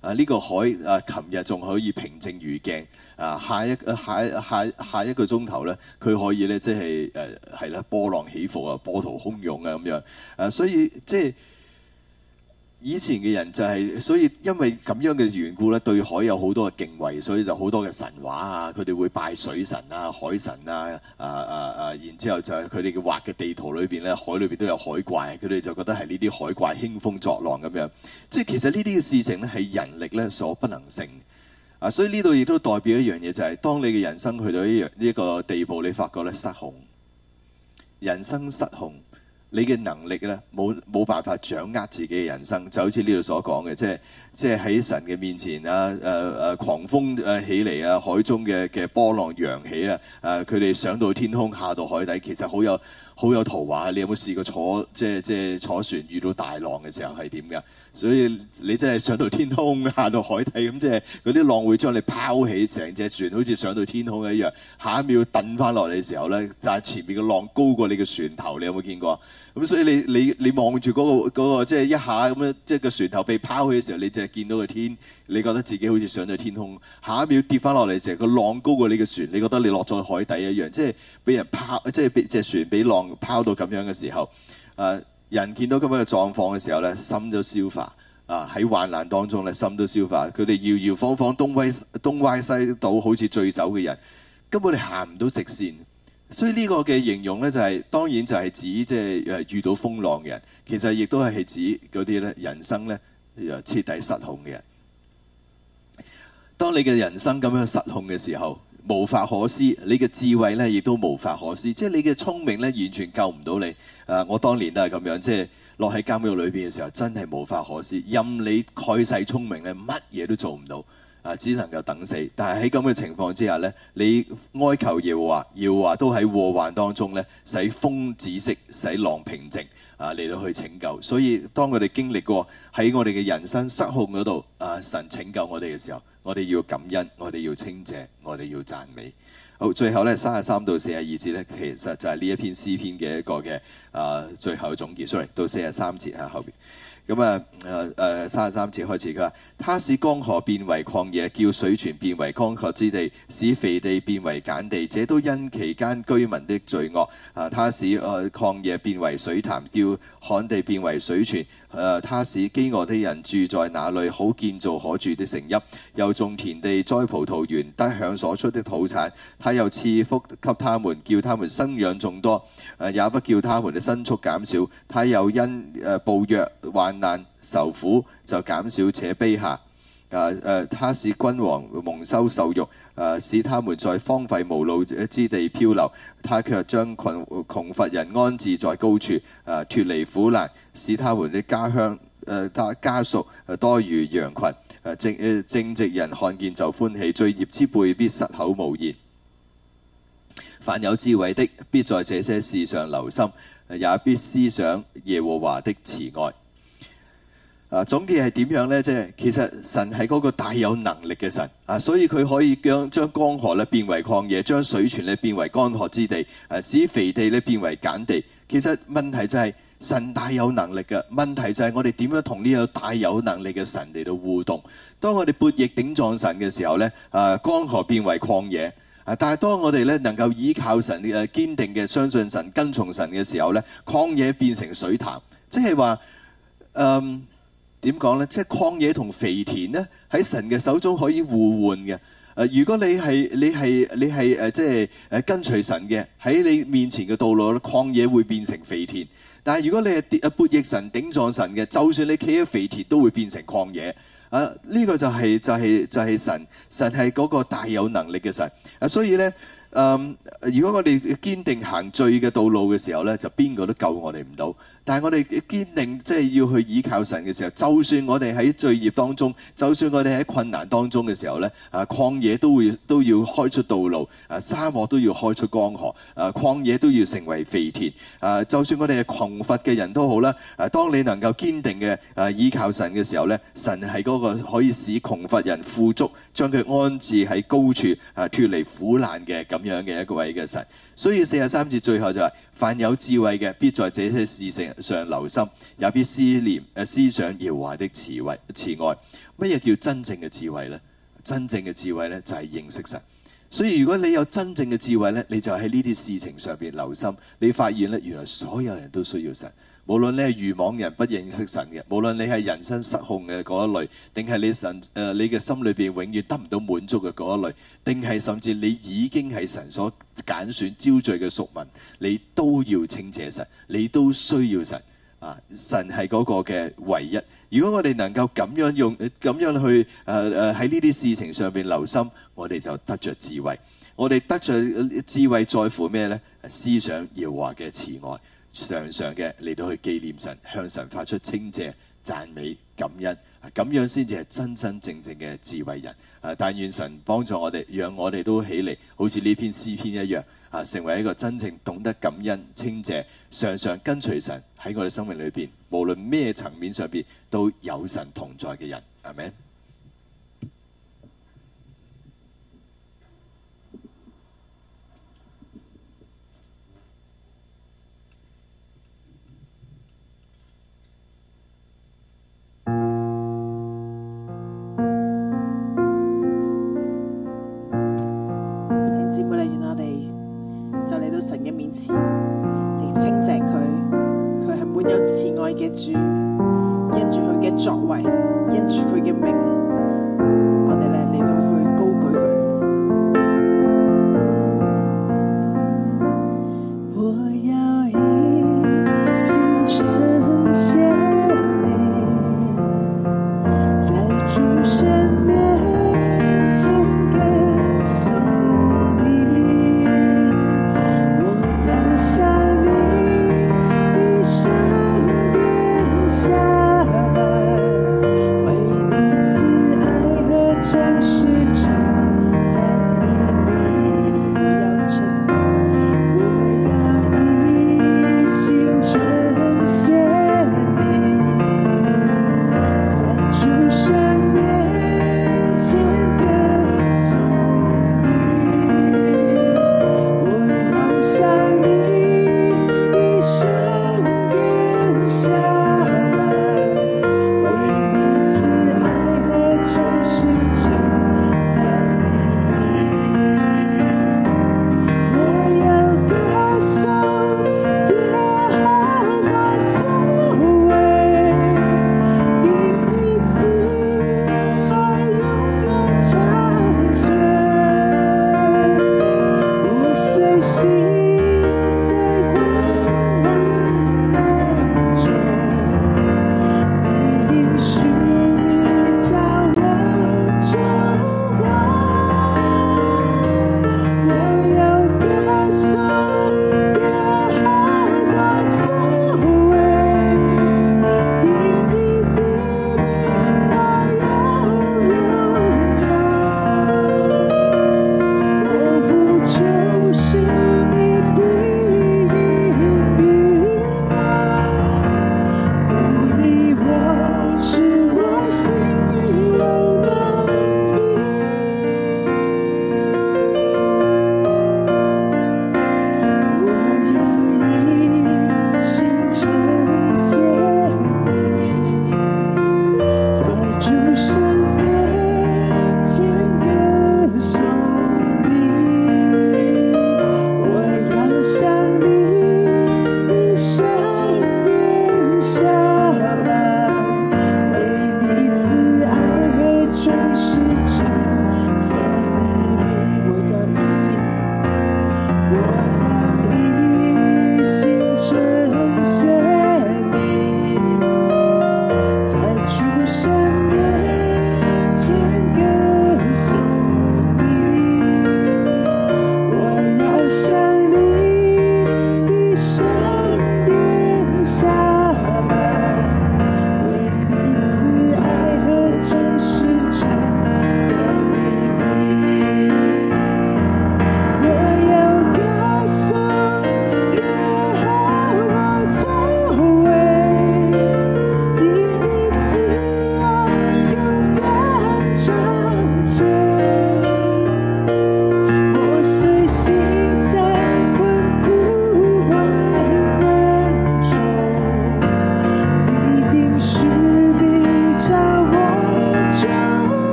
Speaker 1: 啊，呢個海啊，琴日仲可以平靜如鏡。啊，下一、啊、下一下，下一個鐘頭呢，佢可以呢，即係誒係啦，波浪起伏啊，波濤洶湧啊咁樣。啊，所以即係。以前嘅人就係、是，所以因為咁樣嘅緣故咧，對海有好多嘅敬畏，所以就好多嘅神話啊，佢哋會拜水神啊、海神啊，啊啊啊，然之後就係佢哋嘅畫嘅地圖裏邊咧，海裏邊都有海怪，佢哋就覺得係呢啲海怪興風作浪咁樣。即係其實呢啲嘅事情咧，係人力咧所不能成啊，所以呢度亦都代表一樣嘢，就係、是、當你嘅人生去到呢樣呢一個地步，你發覺咧失控，人生失控。你嘅能力呢，冇冇辦法掌握自己嘅人生，就好似呢度所講嘅，即係即係喺神嘅面前啊，誒、啊、誒狂風誒起嚟啊，海中嘅嘅波浪揚起啊，誒佢哋上到天空，下到海底，其實好有好有圖畫。你有冇試過坐即係即係坐船遇到大浪嘅時候係點㗎？所以你真係上到天空，下到海底，咁即係嗰啲浪會將你拋起，成隻船好似上到天空一樣。下一秒揼翻落嚟嘅時候呢，就係前面嘅浪高過你嘅船頭，你有冇見過？咁、嗯、所以你你你望住嗰個嗰、嗰個即係一下咁樣即係個船頭被拋去嘅時候，你就係見到個天，你覺得自己好似上咗天空，下一秒跌翻落嚟成個浪高過你嘅船，你覺得你落咗海底一樣，即係俾人拋即係俾隻船俾浪拋到咁樣嘅時候，誒、啊、人見到咁樣嘅狀況嘅時候咧，心都消化，啊喺患難當中咧，心都消化，佢哋搖搖晃晃，東歪東歪西倒，好似醉酒嘅人，根本你行唔到直綫。所以呢個嘅形容呢、就是，就係當然就係指即係、就是、遇到風浪嘅人，其實亦都係係指嗰啲呢人生呢，誒徹底失控嘅人。當你嘅人生咁樣失控嘅時候，無法可施，你嘅智慧呢，亦都無法可施，即、就、係、是、你嘅聰明呢，完全救唔到你。誒、啊，我當年都係咁樣，即、就、係、是、落喺監獄裏邊嘅時候，真係無法可施，任你蓋世聰明呢，乜嘢都做唔到。啊，只能夠等死。但係喺咁嘅情況之下呢，你哀求耶和華，耶和華都喺禍患當中呢，使風止息，使浪平靜，啊，嚟到去拯救。所以當我哋經歷過喺我哋嘅人生失控嗰度，啊，神拯救我哋嘅時候，我哋要感恩，我哋要稱謝，我哋要讚美。好，最後呢，三十三到四十二節呢，其實就係呢一篇詩篇嘅一個嘅啊，最後總結。sorry，到四十三節喺後邊。咁啊，誒誒、嗯嗯、三十三節開始，佢話：他使江河變為曠野，叫水泉變為乾涸之地，使肥地變為鹼地，這都因其間居民的罪惡。啊，他使、呃、曠野變為水潭，叫旱地變為水泉。呃、他使飢餓的人住在那裏，好建造可住的城邑，又種田地、栽葡萄園，得享所出的土產。他又賜福給他們，叫他們生養眾多、呃，也不叫他們的牲畜減少。他又因、呃、暴虐、患難、受苦，就減少且卑下。呃呃、他使君王蒙羞受辱，呃、使他們在荒廢無路之地漂流。他卻將窮窮乏人安置在高處，誒、呃、脫離苦難。使他們的家鄉，誒、呃、家家屬多如羊群，誒正、呃、正直人看見就歡喜，罪孽之輩必失口無言。凡有智慧的，必在這些事上留心，也必思想耶和華的慈愛。啊，總結係點樣呢？即係其實神係嗰個大有能力嘅神啊，所以佢可以將將江河咧變為曠野，將水泉咧變為乾涸之地，誒、啊、使肥地咧變為鹼地。其實問題就係、是。神大有能力嘅，問題就係我哋點樣同呢個大有能力嘅神嚟到互動？當我哋悖逆頂撞神嘅時候、呃、河呢，啊江河變為曠野；啊，但係當我哋咧能夠依靠神誒堅、呃、定嘅相信神跟從神嘅時候呢，曠野變成水潭，即係話，嗯點講呢？即係曠野同肥田呢，喺神嘅手中可以互換嘅。誒、呃，如果你係你係你係誒、呃，即係、呃、跟隨神嘅，喺你面前嘅道路咧，曠野會變成肥田。但係如果你係跌啊，悖逆神頂撞神嘅，就算你企喺肥田，都會變成曠野啊！呢、呢個就係、係、就係、係、就係、係、神神係嗰個大有能力嘅神啊！所以咧，嗯，如果我哋堅定行罪嘅道路嘅時候咧，就邊個都救我哋唔到。但係我哋堅定即係、就是、要去倚靠神嘅時候，就算我哋喺罪孽當中，就算我哋喺困難當中嘅時候呢啊，曠野都會都要開出道路，啊，沙漠都要開出江河，啊，曠野都要成為肥田。啊，就算我哋係窮乏嘅人都好啦。啊，當你能夠堅定嘅啊倚靠神嘅時候呢，神係嗰個可以使窮乏人富足，將佢安置喺高處，啊，脫離苦難嘅咁樣嘅一個位嘅神。所以四十三節最後就係、是。凡有智慧嘅，必，在這，必在這些事情上留心，也必思念、誒思想耶和華的智慧、慈愛。乜嘢叫真正嘅智慧呢？真正嘅智慧呢，就係認識神。所以如果你有真正嘅智慧呢，你就喺呢啲事情上邊留心，你發現呢，原來所有人都需要神。無論你係愚妄人不認識神嘅，無論你係人生失控嘅嗰一類，定係你神誒你嘅心裏邊永遠得唔到滿足嘅嗰一類，定係甚至你已經係神所揀選招聚嘅屬民，你都要稱謝神，你都需要神啊！神係嗰個嘅唯一。如果我哋能夠咁樣用咁樣去誒誒喺呢啲事情上邊留心，我哋就得著智慧。我哋得著智慧在乎咩呢？思想耶和華嘅慈愛。常常嘅嚟到去紀念神，向神發出稱謝、讚美、感恩，咁、啊、樣先至係真真正正嘅智慧人。啊！但願神幫助我哋，讓我哋都起嚟，好似呢篇詩篇一樣，啊，成為一個真正懂得感恩、稱謝、常常跟隨神喺我哋生命裏邊，無論咩層面上邊都有神同在嘅人。係咪？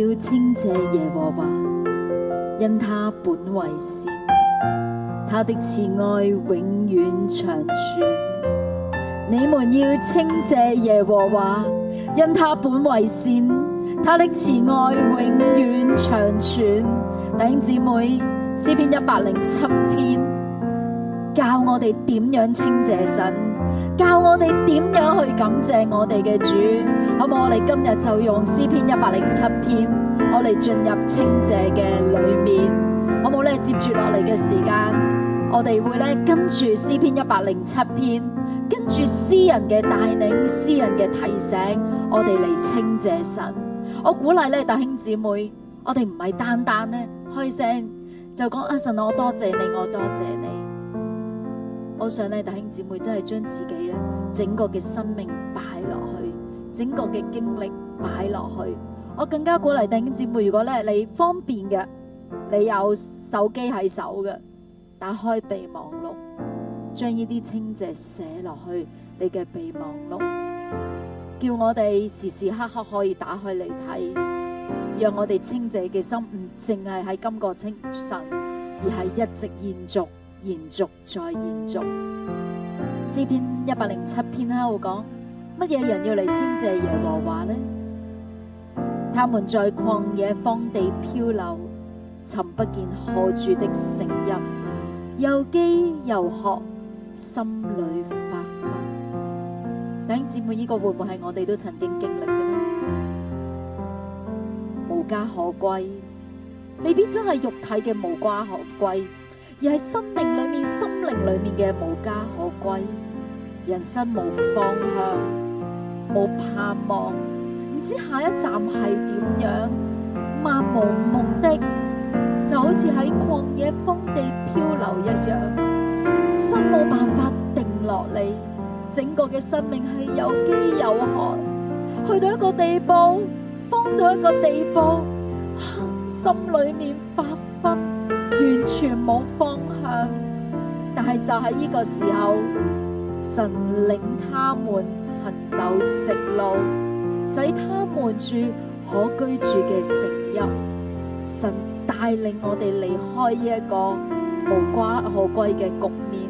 Speaker 2: 要稱謝耶和華，因他本為善，他的慈愛永遠長存。你們要稱謝耶和華，因他本為善，他的慈愛永遠長存。弟兄姊妹，詩篇一百零七篇教我哋點樣稱謝神。教我哋點樣去感謝我哋嘅主，好冇？我哋今日就用詩篇一百零七篇，我哋進入稱謝嘅裏面，好冇咧？接住落嚟嘅時間，我哋會咧跟住詩篇一百零七篇，跟住詩人嘅帶領、詩人嘅提醒，我哋嚟稱謝神。我鼓勵咧，弟兄姊妹，我哋唔係單單咧開聲就講阿神，我多謝你，我多謝你。我想咧，弟兄姊妹真係將自己咧整個嘅生命擺落去，整個嘅經歷擺落去。我更加鼓勵弟兄姊妹，如果咧你方便嘅，你有手機喺手嘅，打開備忘錄，將呢啲稱謝寫落去你嘅備忘錄，叫我哋時時刻刻可以打開嚟睇，讓我哋稱謝嘅心唔淨係喺今個清晨，而係一直延續。延續再延續，詩篇一百零七篇，喺度講乜嘢人要嚟稱謝耶和華呢？他們在曠野荒地漂流，尋不見可住的城邑，又飢又渴，心裏發昏。弟兄姊妹，呢、這個會唔會係我哋都曾經經歷嘅呢？無家可歸，未必真係肉體嘅無家可歸。而係生命裏面，心靈裏面嘅無家可歸，人生冇方向，冇盼望，唔知下一站係點樣，漫無目的，就好似喺曠野荒地漂流一樣，心冇辦法定落嚟，整個嘅生命係有飢有寒，去到一個地步，荒到一個地步，心裏面發。完全冇方向，但係就喺呢個時候，神領他們行走直路，使他們住可居住嘅城邑。神帶領我哋離開呢一個無家可歸嘅局面，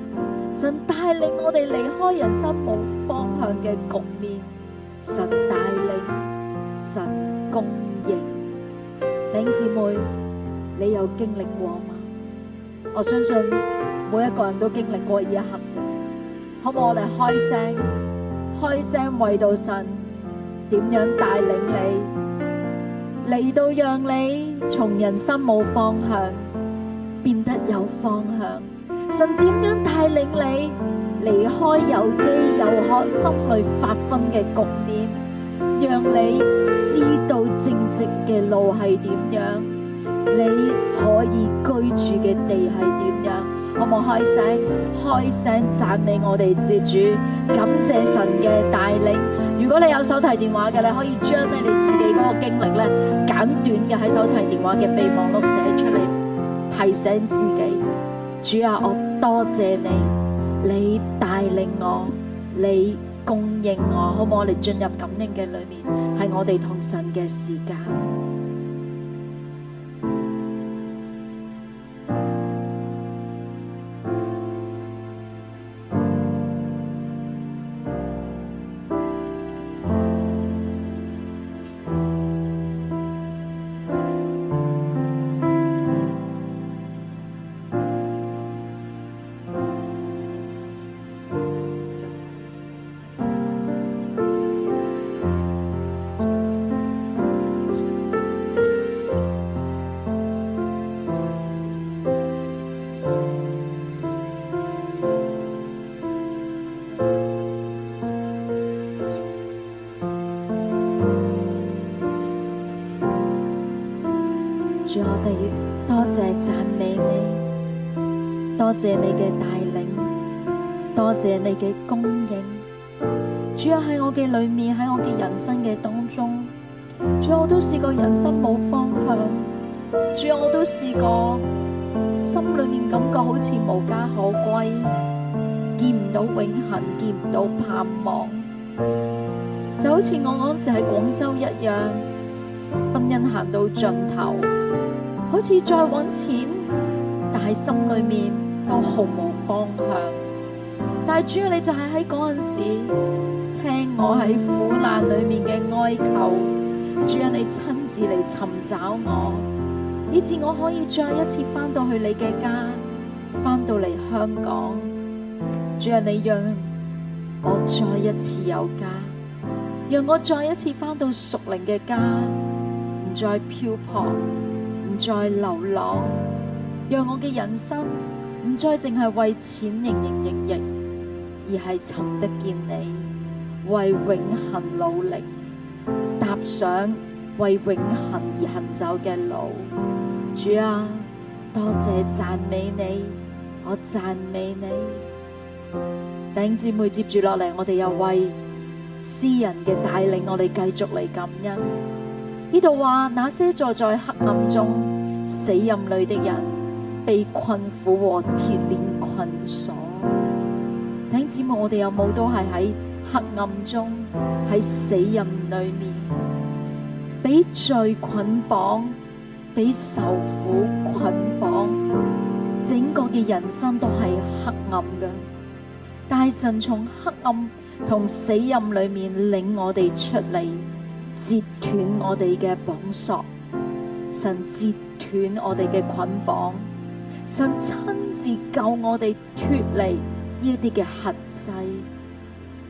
Speaker 2: 神帶領我哋離開人生冇方向嘅局面。神帶領，神供應，弟兄姊妹，你有經歷過嗎？我相信每一個人都經歷過呢一刻嘅。好，我哋開聲，開聲為到神，點樣帶領你嚟到，讓你從人生冇方向變得有方向？神點樣帶領你離開又飢又渴、心裏發昏嘅局面，讓你知道正直嘅路係點樣？你可以居住嘅地係點樣？好唔好？開聲開聲讚美我哋嘅主，感謝神嘅帶領。如果你有手提電話嘅，你可以將你哋自己嗰個經歷咧簡短嘅喺手提電話嘅備忘錄寫出嚟，提醒自己。主啊，我多謝你，你帶領我，你供應我，好唔好？我哋進入感應嘅裏面，係我哋同神嘅時間。多謝你嘅帶領，多謝你嘅供應。主要喺我嘅裏面，喺我嘅人生嘅當中，主要我都試過人生冇方向，主要我都試過心裏面感覺好似無家可歸，見唔到永恆，見唔到盼望，就好似我嗰時喺廣州一樣，婚姻行到盡頭，好似再揾錢，但係心裏面。都毫無方向，但係主要你就係喺嗰陣時聽我喺苦難裏面嘅哀求，主啊，你親自嚟尋找我，以至我可以再一次翻到去你嘅家，翻到嚟香港，主啊，你讓我再一次有家，讓我再一次翻到屬靈嘅家，唔再漂泊，唔再流浪，讓我嘅人生。唔再淨係為錢盈盈盈盈，而係尋得見你，為永恆努力，踏上為永恆而行走嘅路。主啊，多謝讚美你，我讚美你。弟兄姊妹接住落嚟，我哋又為詩人嘅帶領，我哋繼續嚟感恩。呢度話那些坐在黑暗中，死蔭裏的人。被困苦和鐵鏈困鎖，弟兄姊妹，我哋有冇都係喺黑暗中，喺死蔭裏面，俾罪捆綁，俾受苦捆綁，整個嘅人生都係黑暗嘅。但係神從黑暗同死蔭裏面領我哋出嚟，截斷我哋嘅綁索，神截斷我哋嘅捆綁。神親自救我哋脫離呢啲嘅核制，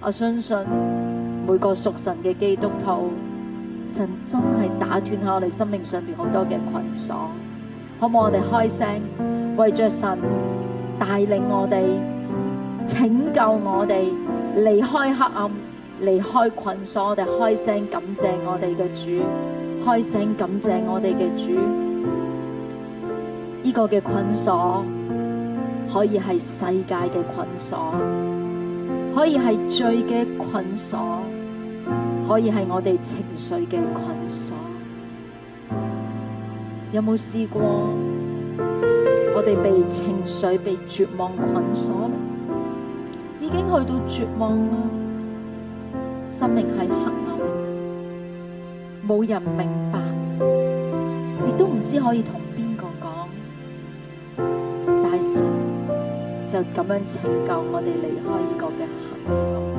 Speaker 2: 我相信每個屬神嘅基督徒，神真係打斷下我哋生命上邊好多嘅捆鎖。可唔可以我哋開聲，為着神帶領我哋拯救我哋離開黑暗、離開捆鎖？我哋開聲感謝我哋嘅主，開聲感謝我哋嘅主。呢個嘅捆鎖可以係世界嘅捆鎖，可以係罪嘅捆鎖，可以係我哋情緒嘅捆鎖。有冇試過我哋被情緒、被絕望捆鎖呢？已經去到絕望喇，生命係黑暗嘅，冇人明白，亦都唔知可以同。神就咁樣拯救我哋離開呢個嘅行動，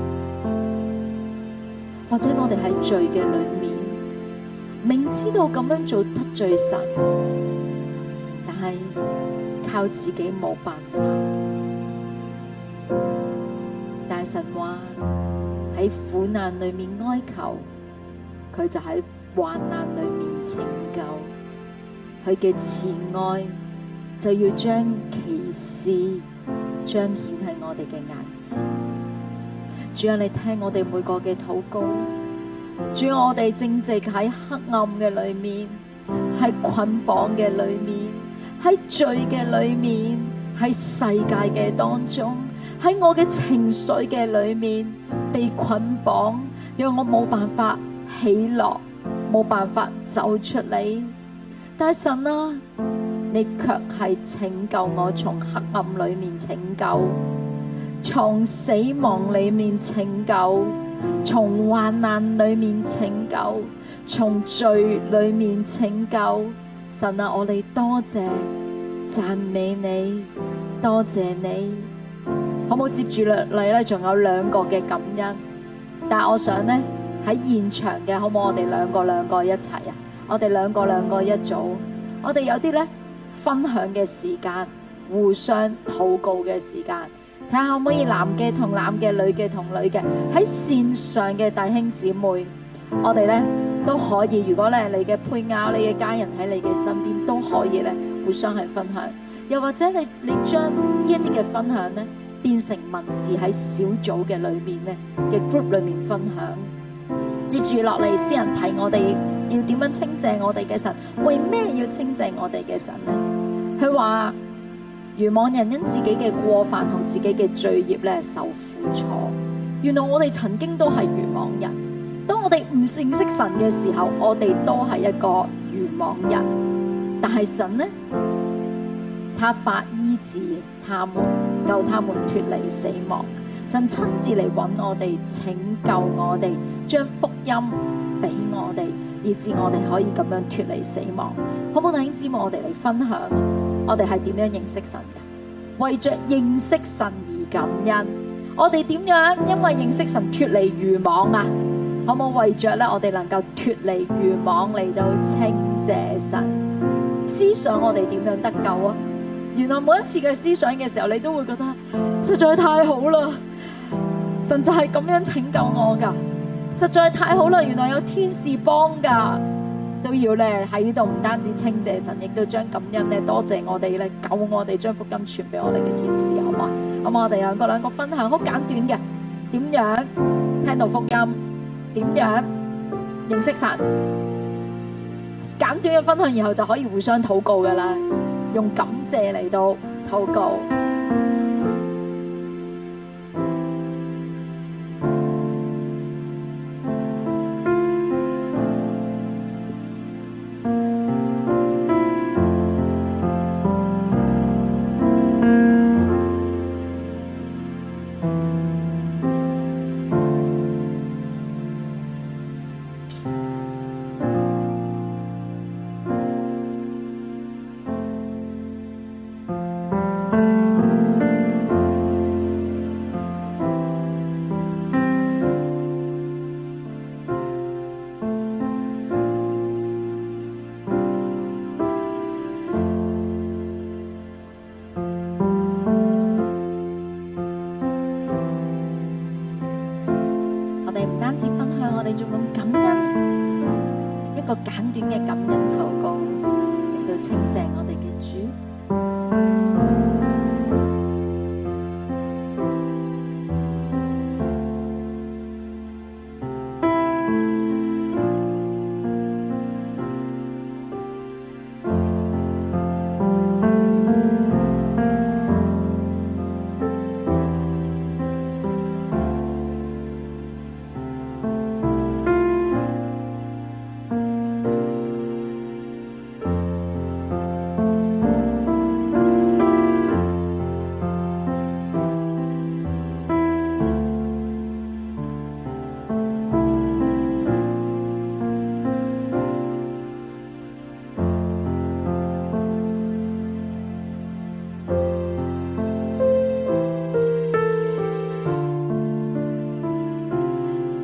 Speaker 2: 或者我哋喺罪嘅裏面，明知道咁樣做得罪神，但係靠自己冇辦法。大神話喺苦難裏面哀求，佢就喺患難裏面拯救佢嘅慈愛。就要將奇事彰顯喺我哋嘅眼前，主讓你聽我哋每個嘅禱告，主要我哋正直喺黑暗嘅裏面，喺捆綁嘅裏面，喺罪嘅裏面，喺世界嘅當中，喺我嘅情緒嘅裏面被捆綁，讓我冇辦法喜樂，冇辦法走出嚟。但神啊！你卻係拯救我，從黑暗裏面拯救，從死亡裏面拯救，從患難裏面拯救，從罪裏面拯救。神啊，我哋多謝，讚美你，多謝你。可唔可以接住落嚟咧？仲有兩個嘅感恩，但係我想咧喺現場嘅，可唔可以我哋兩個兩個一齊啊？我哋兩個兩個一組。我哋有啲咧。分享嘅時間，互相禱告嘅時間，睇下可唔可以男嘅同男嘅，女嘅同女嘅，喺綫上嘅弟兄姊妹，我哋呢都可以。如果咧你嘅配偶、你嘅家人喺你嘅身邊，都可以呢互相去分享。又或者你你將呢一啲嘅分享呢變成文字喺小組嘅裏面呢嘅 group 裏面分享。接住落嚟，詩人睇我哋要點樣稱謝我哋嘅神？為咩要稱謝我哋嘅神呢？佢話愚妄人因自己嘅過犯同自己嘅罪孽咧，受苦楚。原來我哋曾經都係愚妄人。當我哋唔認識神嘅時候，我哋都係一個愚妄人。但係神呢？他發醫治他們，救他們脫離死亡。神親自嚟揾我哋，拯救我哋，將福音俾我哋，以致我哋可以咁樣脫離死亡，可唔可以，大家知我哋嚟分享，我哋係點樣認識神嘅？為着認識神而感恩，我哋點樣？因為認識神脫離愚妄啊！可唔可以為着咧？我哋能夠脫離愚妄嚟到稱謝神？思想我哋點樣得救啊？原來每一次嘅思想嘅時候，你都會覺得實在太好啦！神就係咁樣拯救我噶實在太好啦！原來有天使幫噶都要咧喺呢度唔單止稱謝神，亦都將感恩咧多謝我哋咧救我哋，將福音傳俾我哋嘅天使，好嘛？咁我哋兩個兩個分享，好簡短嘅，點樣聽到福音？點樣認識神？簡短嘅分享，然後就可以互相禱告噶啦，用感謝嚟到禱告。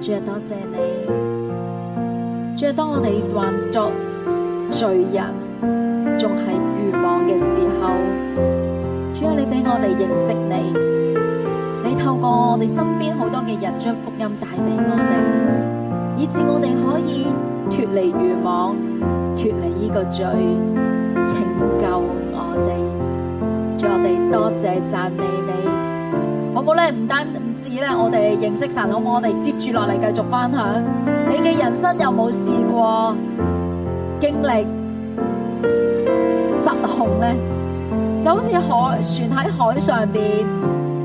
Speaker 2: 主啊，多謝你！主啊，當我哋幻作罪人，仲喺慾望嘅時候，主啊，你畀我哋認識你，你透過我哋身邊好多嘅人將福音帶畀我哋，以致我哋可以脫離慾望，脫離呢個罪，拯救我哋！主啊，我哋多謝讚美你。好唔好咧？唔單止咧，我哋認識神，好唔好？我哋接住落嚟繼續分享。你嘅人生有冇試過經歷失控咧？就好似海船喺海上面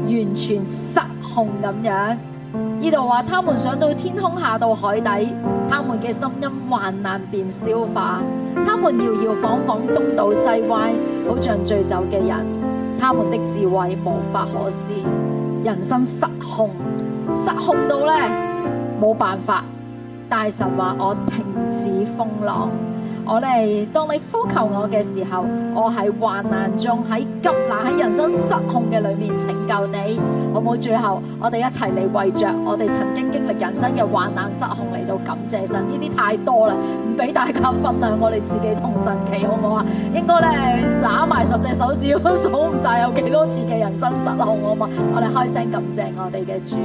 Speaker 2: 完全失控咁樣。呢度話，他們上到天空，下到海底，他們嘅心因患難便消化，他們搖搖晃晃，東倒西歪，好像醉酒嘅人。他們的智慧無法可施。人生失控，失控到咧冇辦法，大神話我停止風浪。我咧，當你呼求我嘅時候，我喺患難中喺急難喺人生失控嘅裏面拯救你，好冇？最後我哋一齊嚟為著我哋曾經經歷人生嘅患難失控嚟到感謝神，呢啲太多啦，唔俾大家分享我哋自己同心祈，好冇啊？應該咧，攬埋十隻手指都數唔晒有幾多次嘅人生失控，好嘛？我哋開聲感謝我哋嘅主。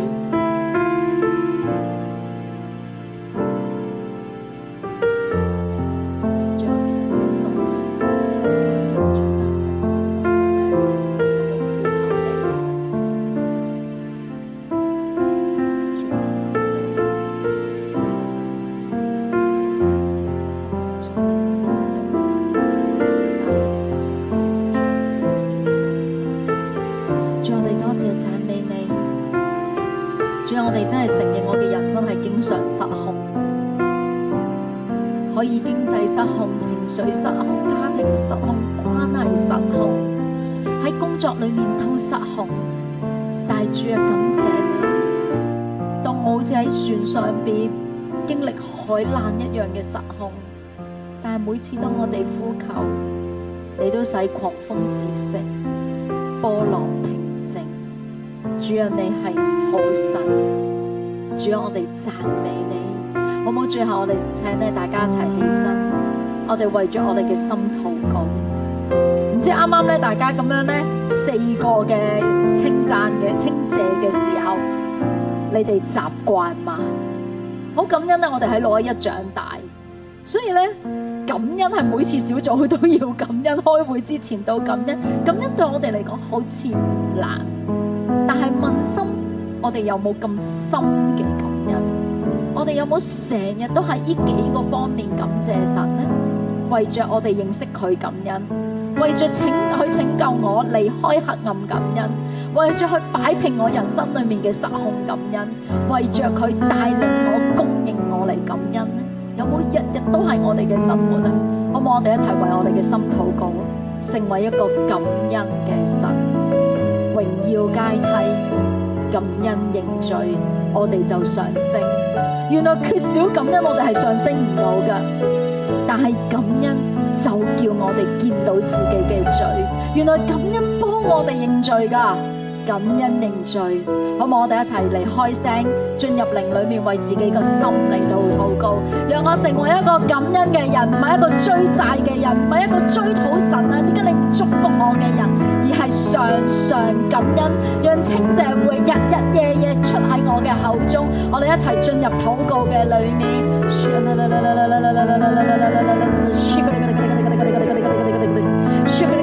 Speaker 2: 水失控，家庭失控，關係失控，喺工作裏面都失控。大主啊，感謝你，當我好似喺船上邊經歷海難一樣嘅失控，但係每次當我哋呼求，你都使狂風止息，波浪平靜。主啊，你係好神，主啊，我哋讚美你，好唔好？最後我哋請咧大家一齊起身。我哋為咗我哋嘅心禱告，唔知啱啱咧大家咁樣咧四個嘅稱讚嘅、稱謝嘅時候，你哋習慣嗎？好感恩咧，我哋喺六一長大，所以咧感恩係每次小組都要感恩，開會之前都感恩，感恩對我哋嚟講好似唔難，但係問心，我哋有冇咁深嘅感恩？我哋有冇成日都喺呢幾個方面感謝神咧？為着我哋認識佢感恩，為着請佢拯救我離開黑暗感恩，為着去擺平我人生裏面嘅失控感恩，為着佢帶領我供應我嚟感恩咧，有冇日日都係我哋嘅生活咧？好冇？我哋一齊為我哋嘅心禱告，成為一個感恩嘅神，榮耀階梯，感恩凝聚，我哋就上升。原來缺少感恩，我哋係上升唔到噶。但係感恩就叫我哋見到自己嘅罪，原來感恩幫我哋認罪㗎。感恩認罪，好冇？我哋一齊嚟，開聲，進入靈裏面為自己個心嚟到禱告。讓我成為一個感恩嘅人，唔係一個追債嘅人，唔係一個追討神啊！點解你唔祝福我嘅人？而係常常感恩，讓清淨會日日夜夜出喺我嘅口中。我哋一齊進入禱告嘅裏面。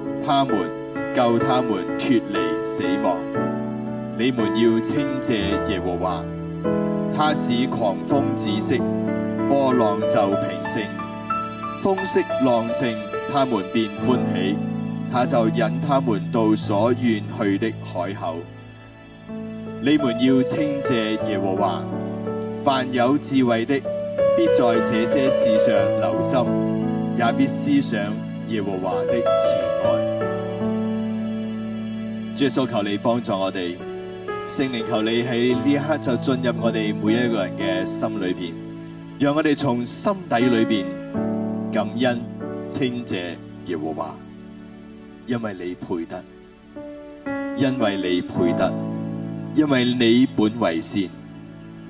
Speaker 1: 他們救他們脫離死亡，你們要稱謝耶和華。他使狂風止息，波浪就平靜，風息浪靜，他們便歡喜。他就引他們到所願去的海口。你們要稱謝耶和華。凡有智慧的，必在這些事上留心，也必思想耶和華的慈愛。主訴求，求你幫助我哋，聖靈求你喺呢一刻就進入我哋每一個人嘅心裏邊，讓我哋從心底裏邊感恩、稱謝耶和華，因為你配得，因為你配得，因為你本為善，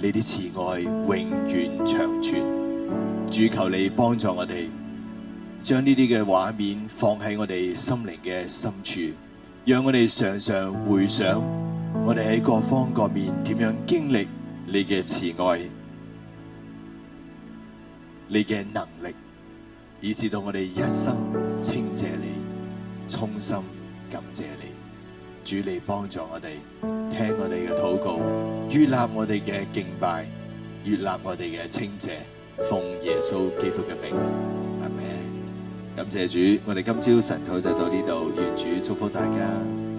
Speaker 1: 你啲慈愛永遠長存。主求，求你幫助我哋，將呢啲嘅畫面放喺我哋心靈嘅深處。讓我哋常常回想，我哋喺各方各面點樣經歷你嘅慈愛，你嘅能力，以至到我哋一生稱謝你，衷心感謝你，主嚟幫助我哋，聽我哋嘅禱告，悅納我哋嘅敬拜，悅納我哋嘅稱謝，奉耶穌基督嘅名。感謝主，我哋今朝晨禱就到呢度，願主祝福大家。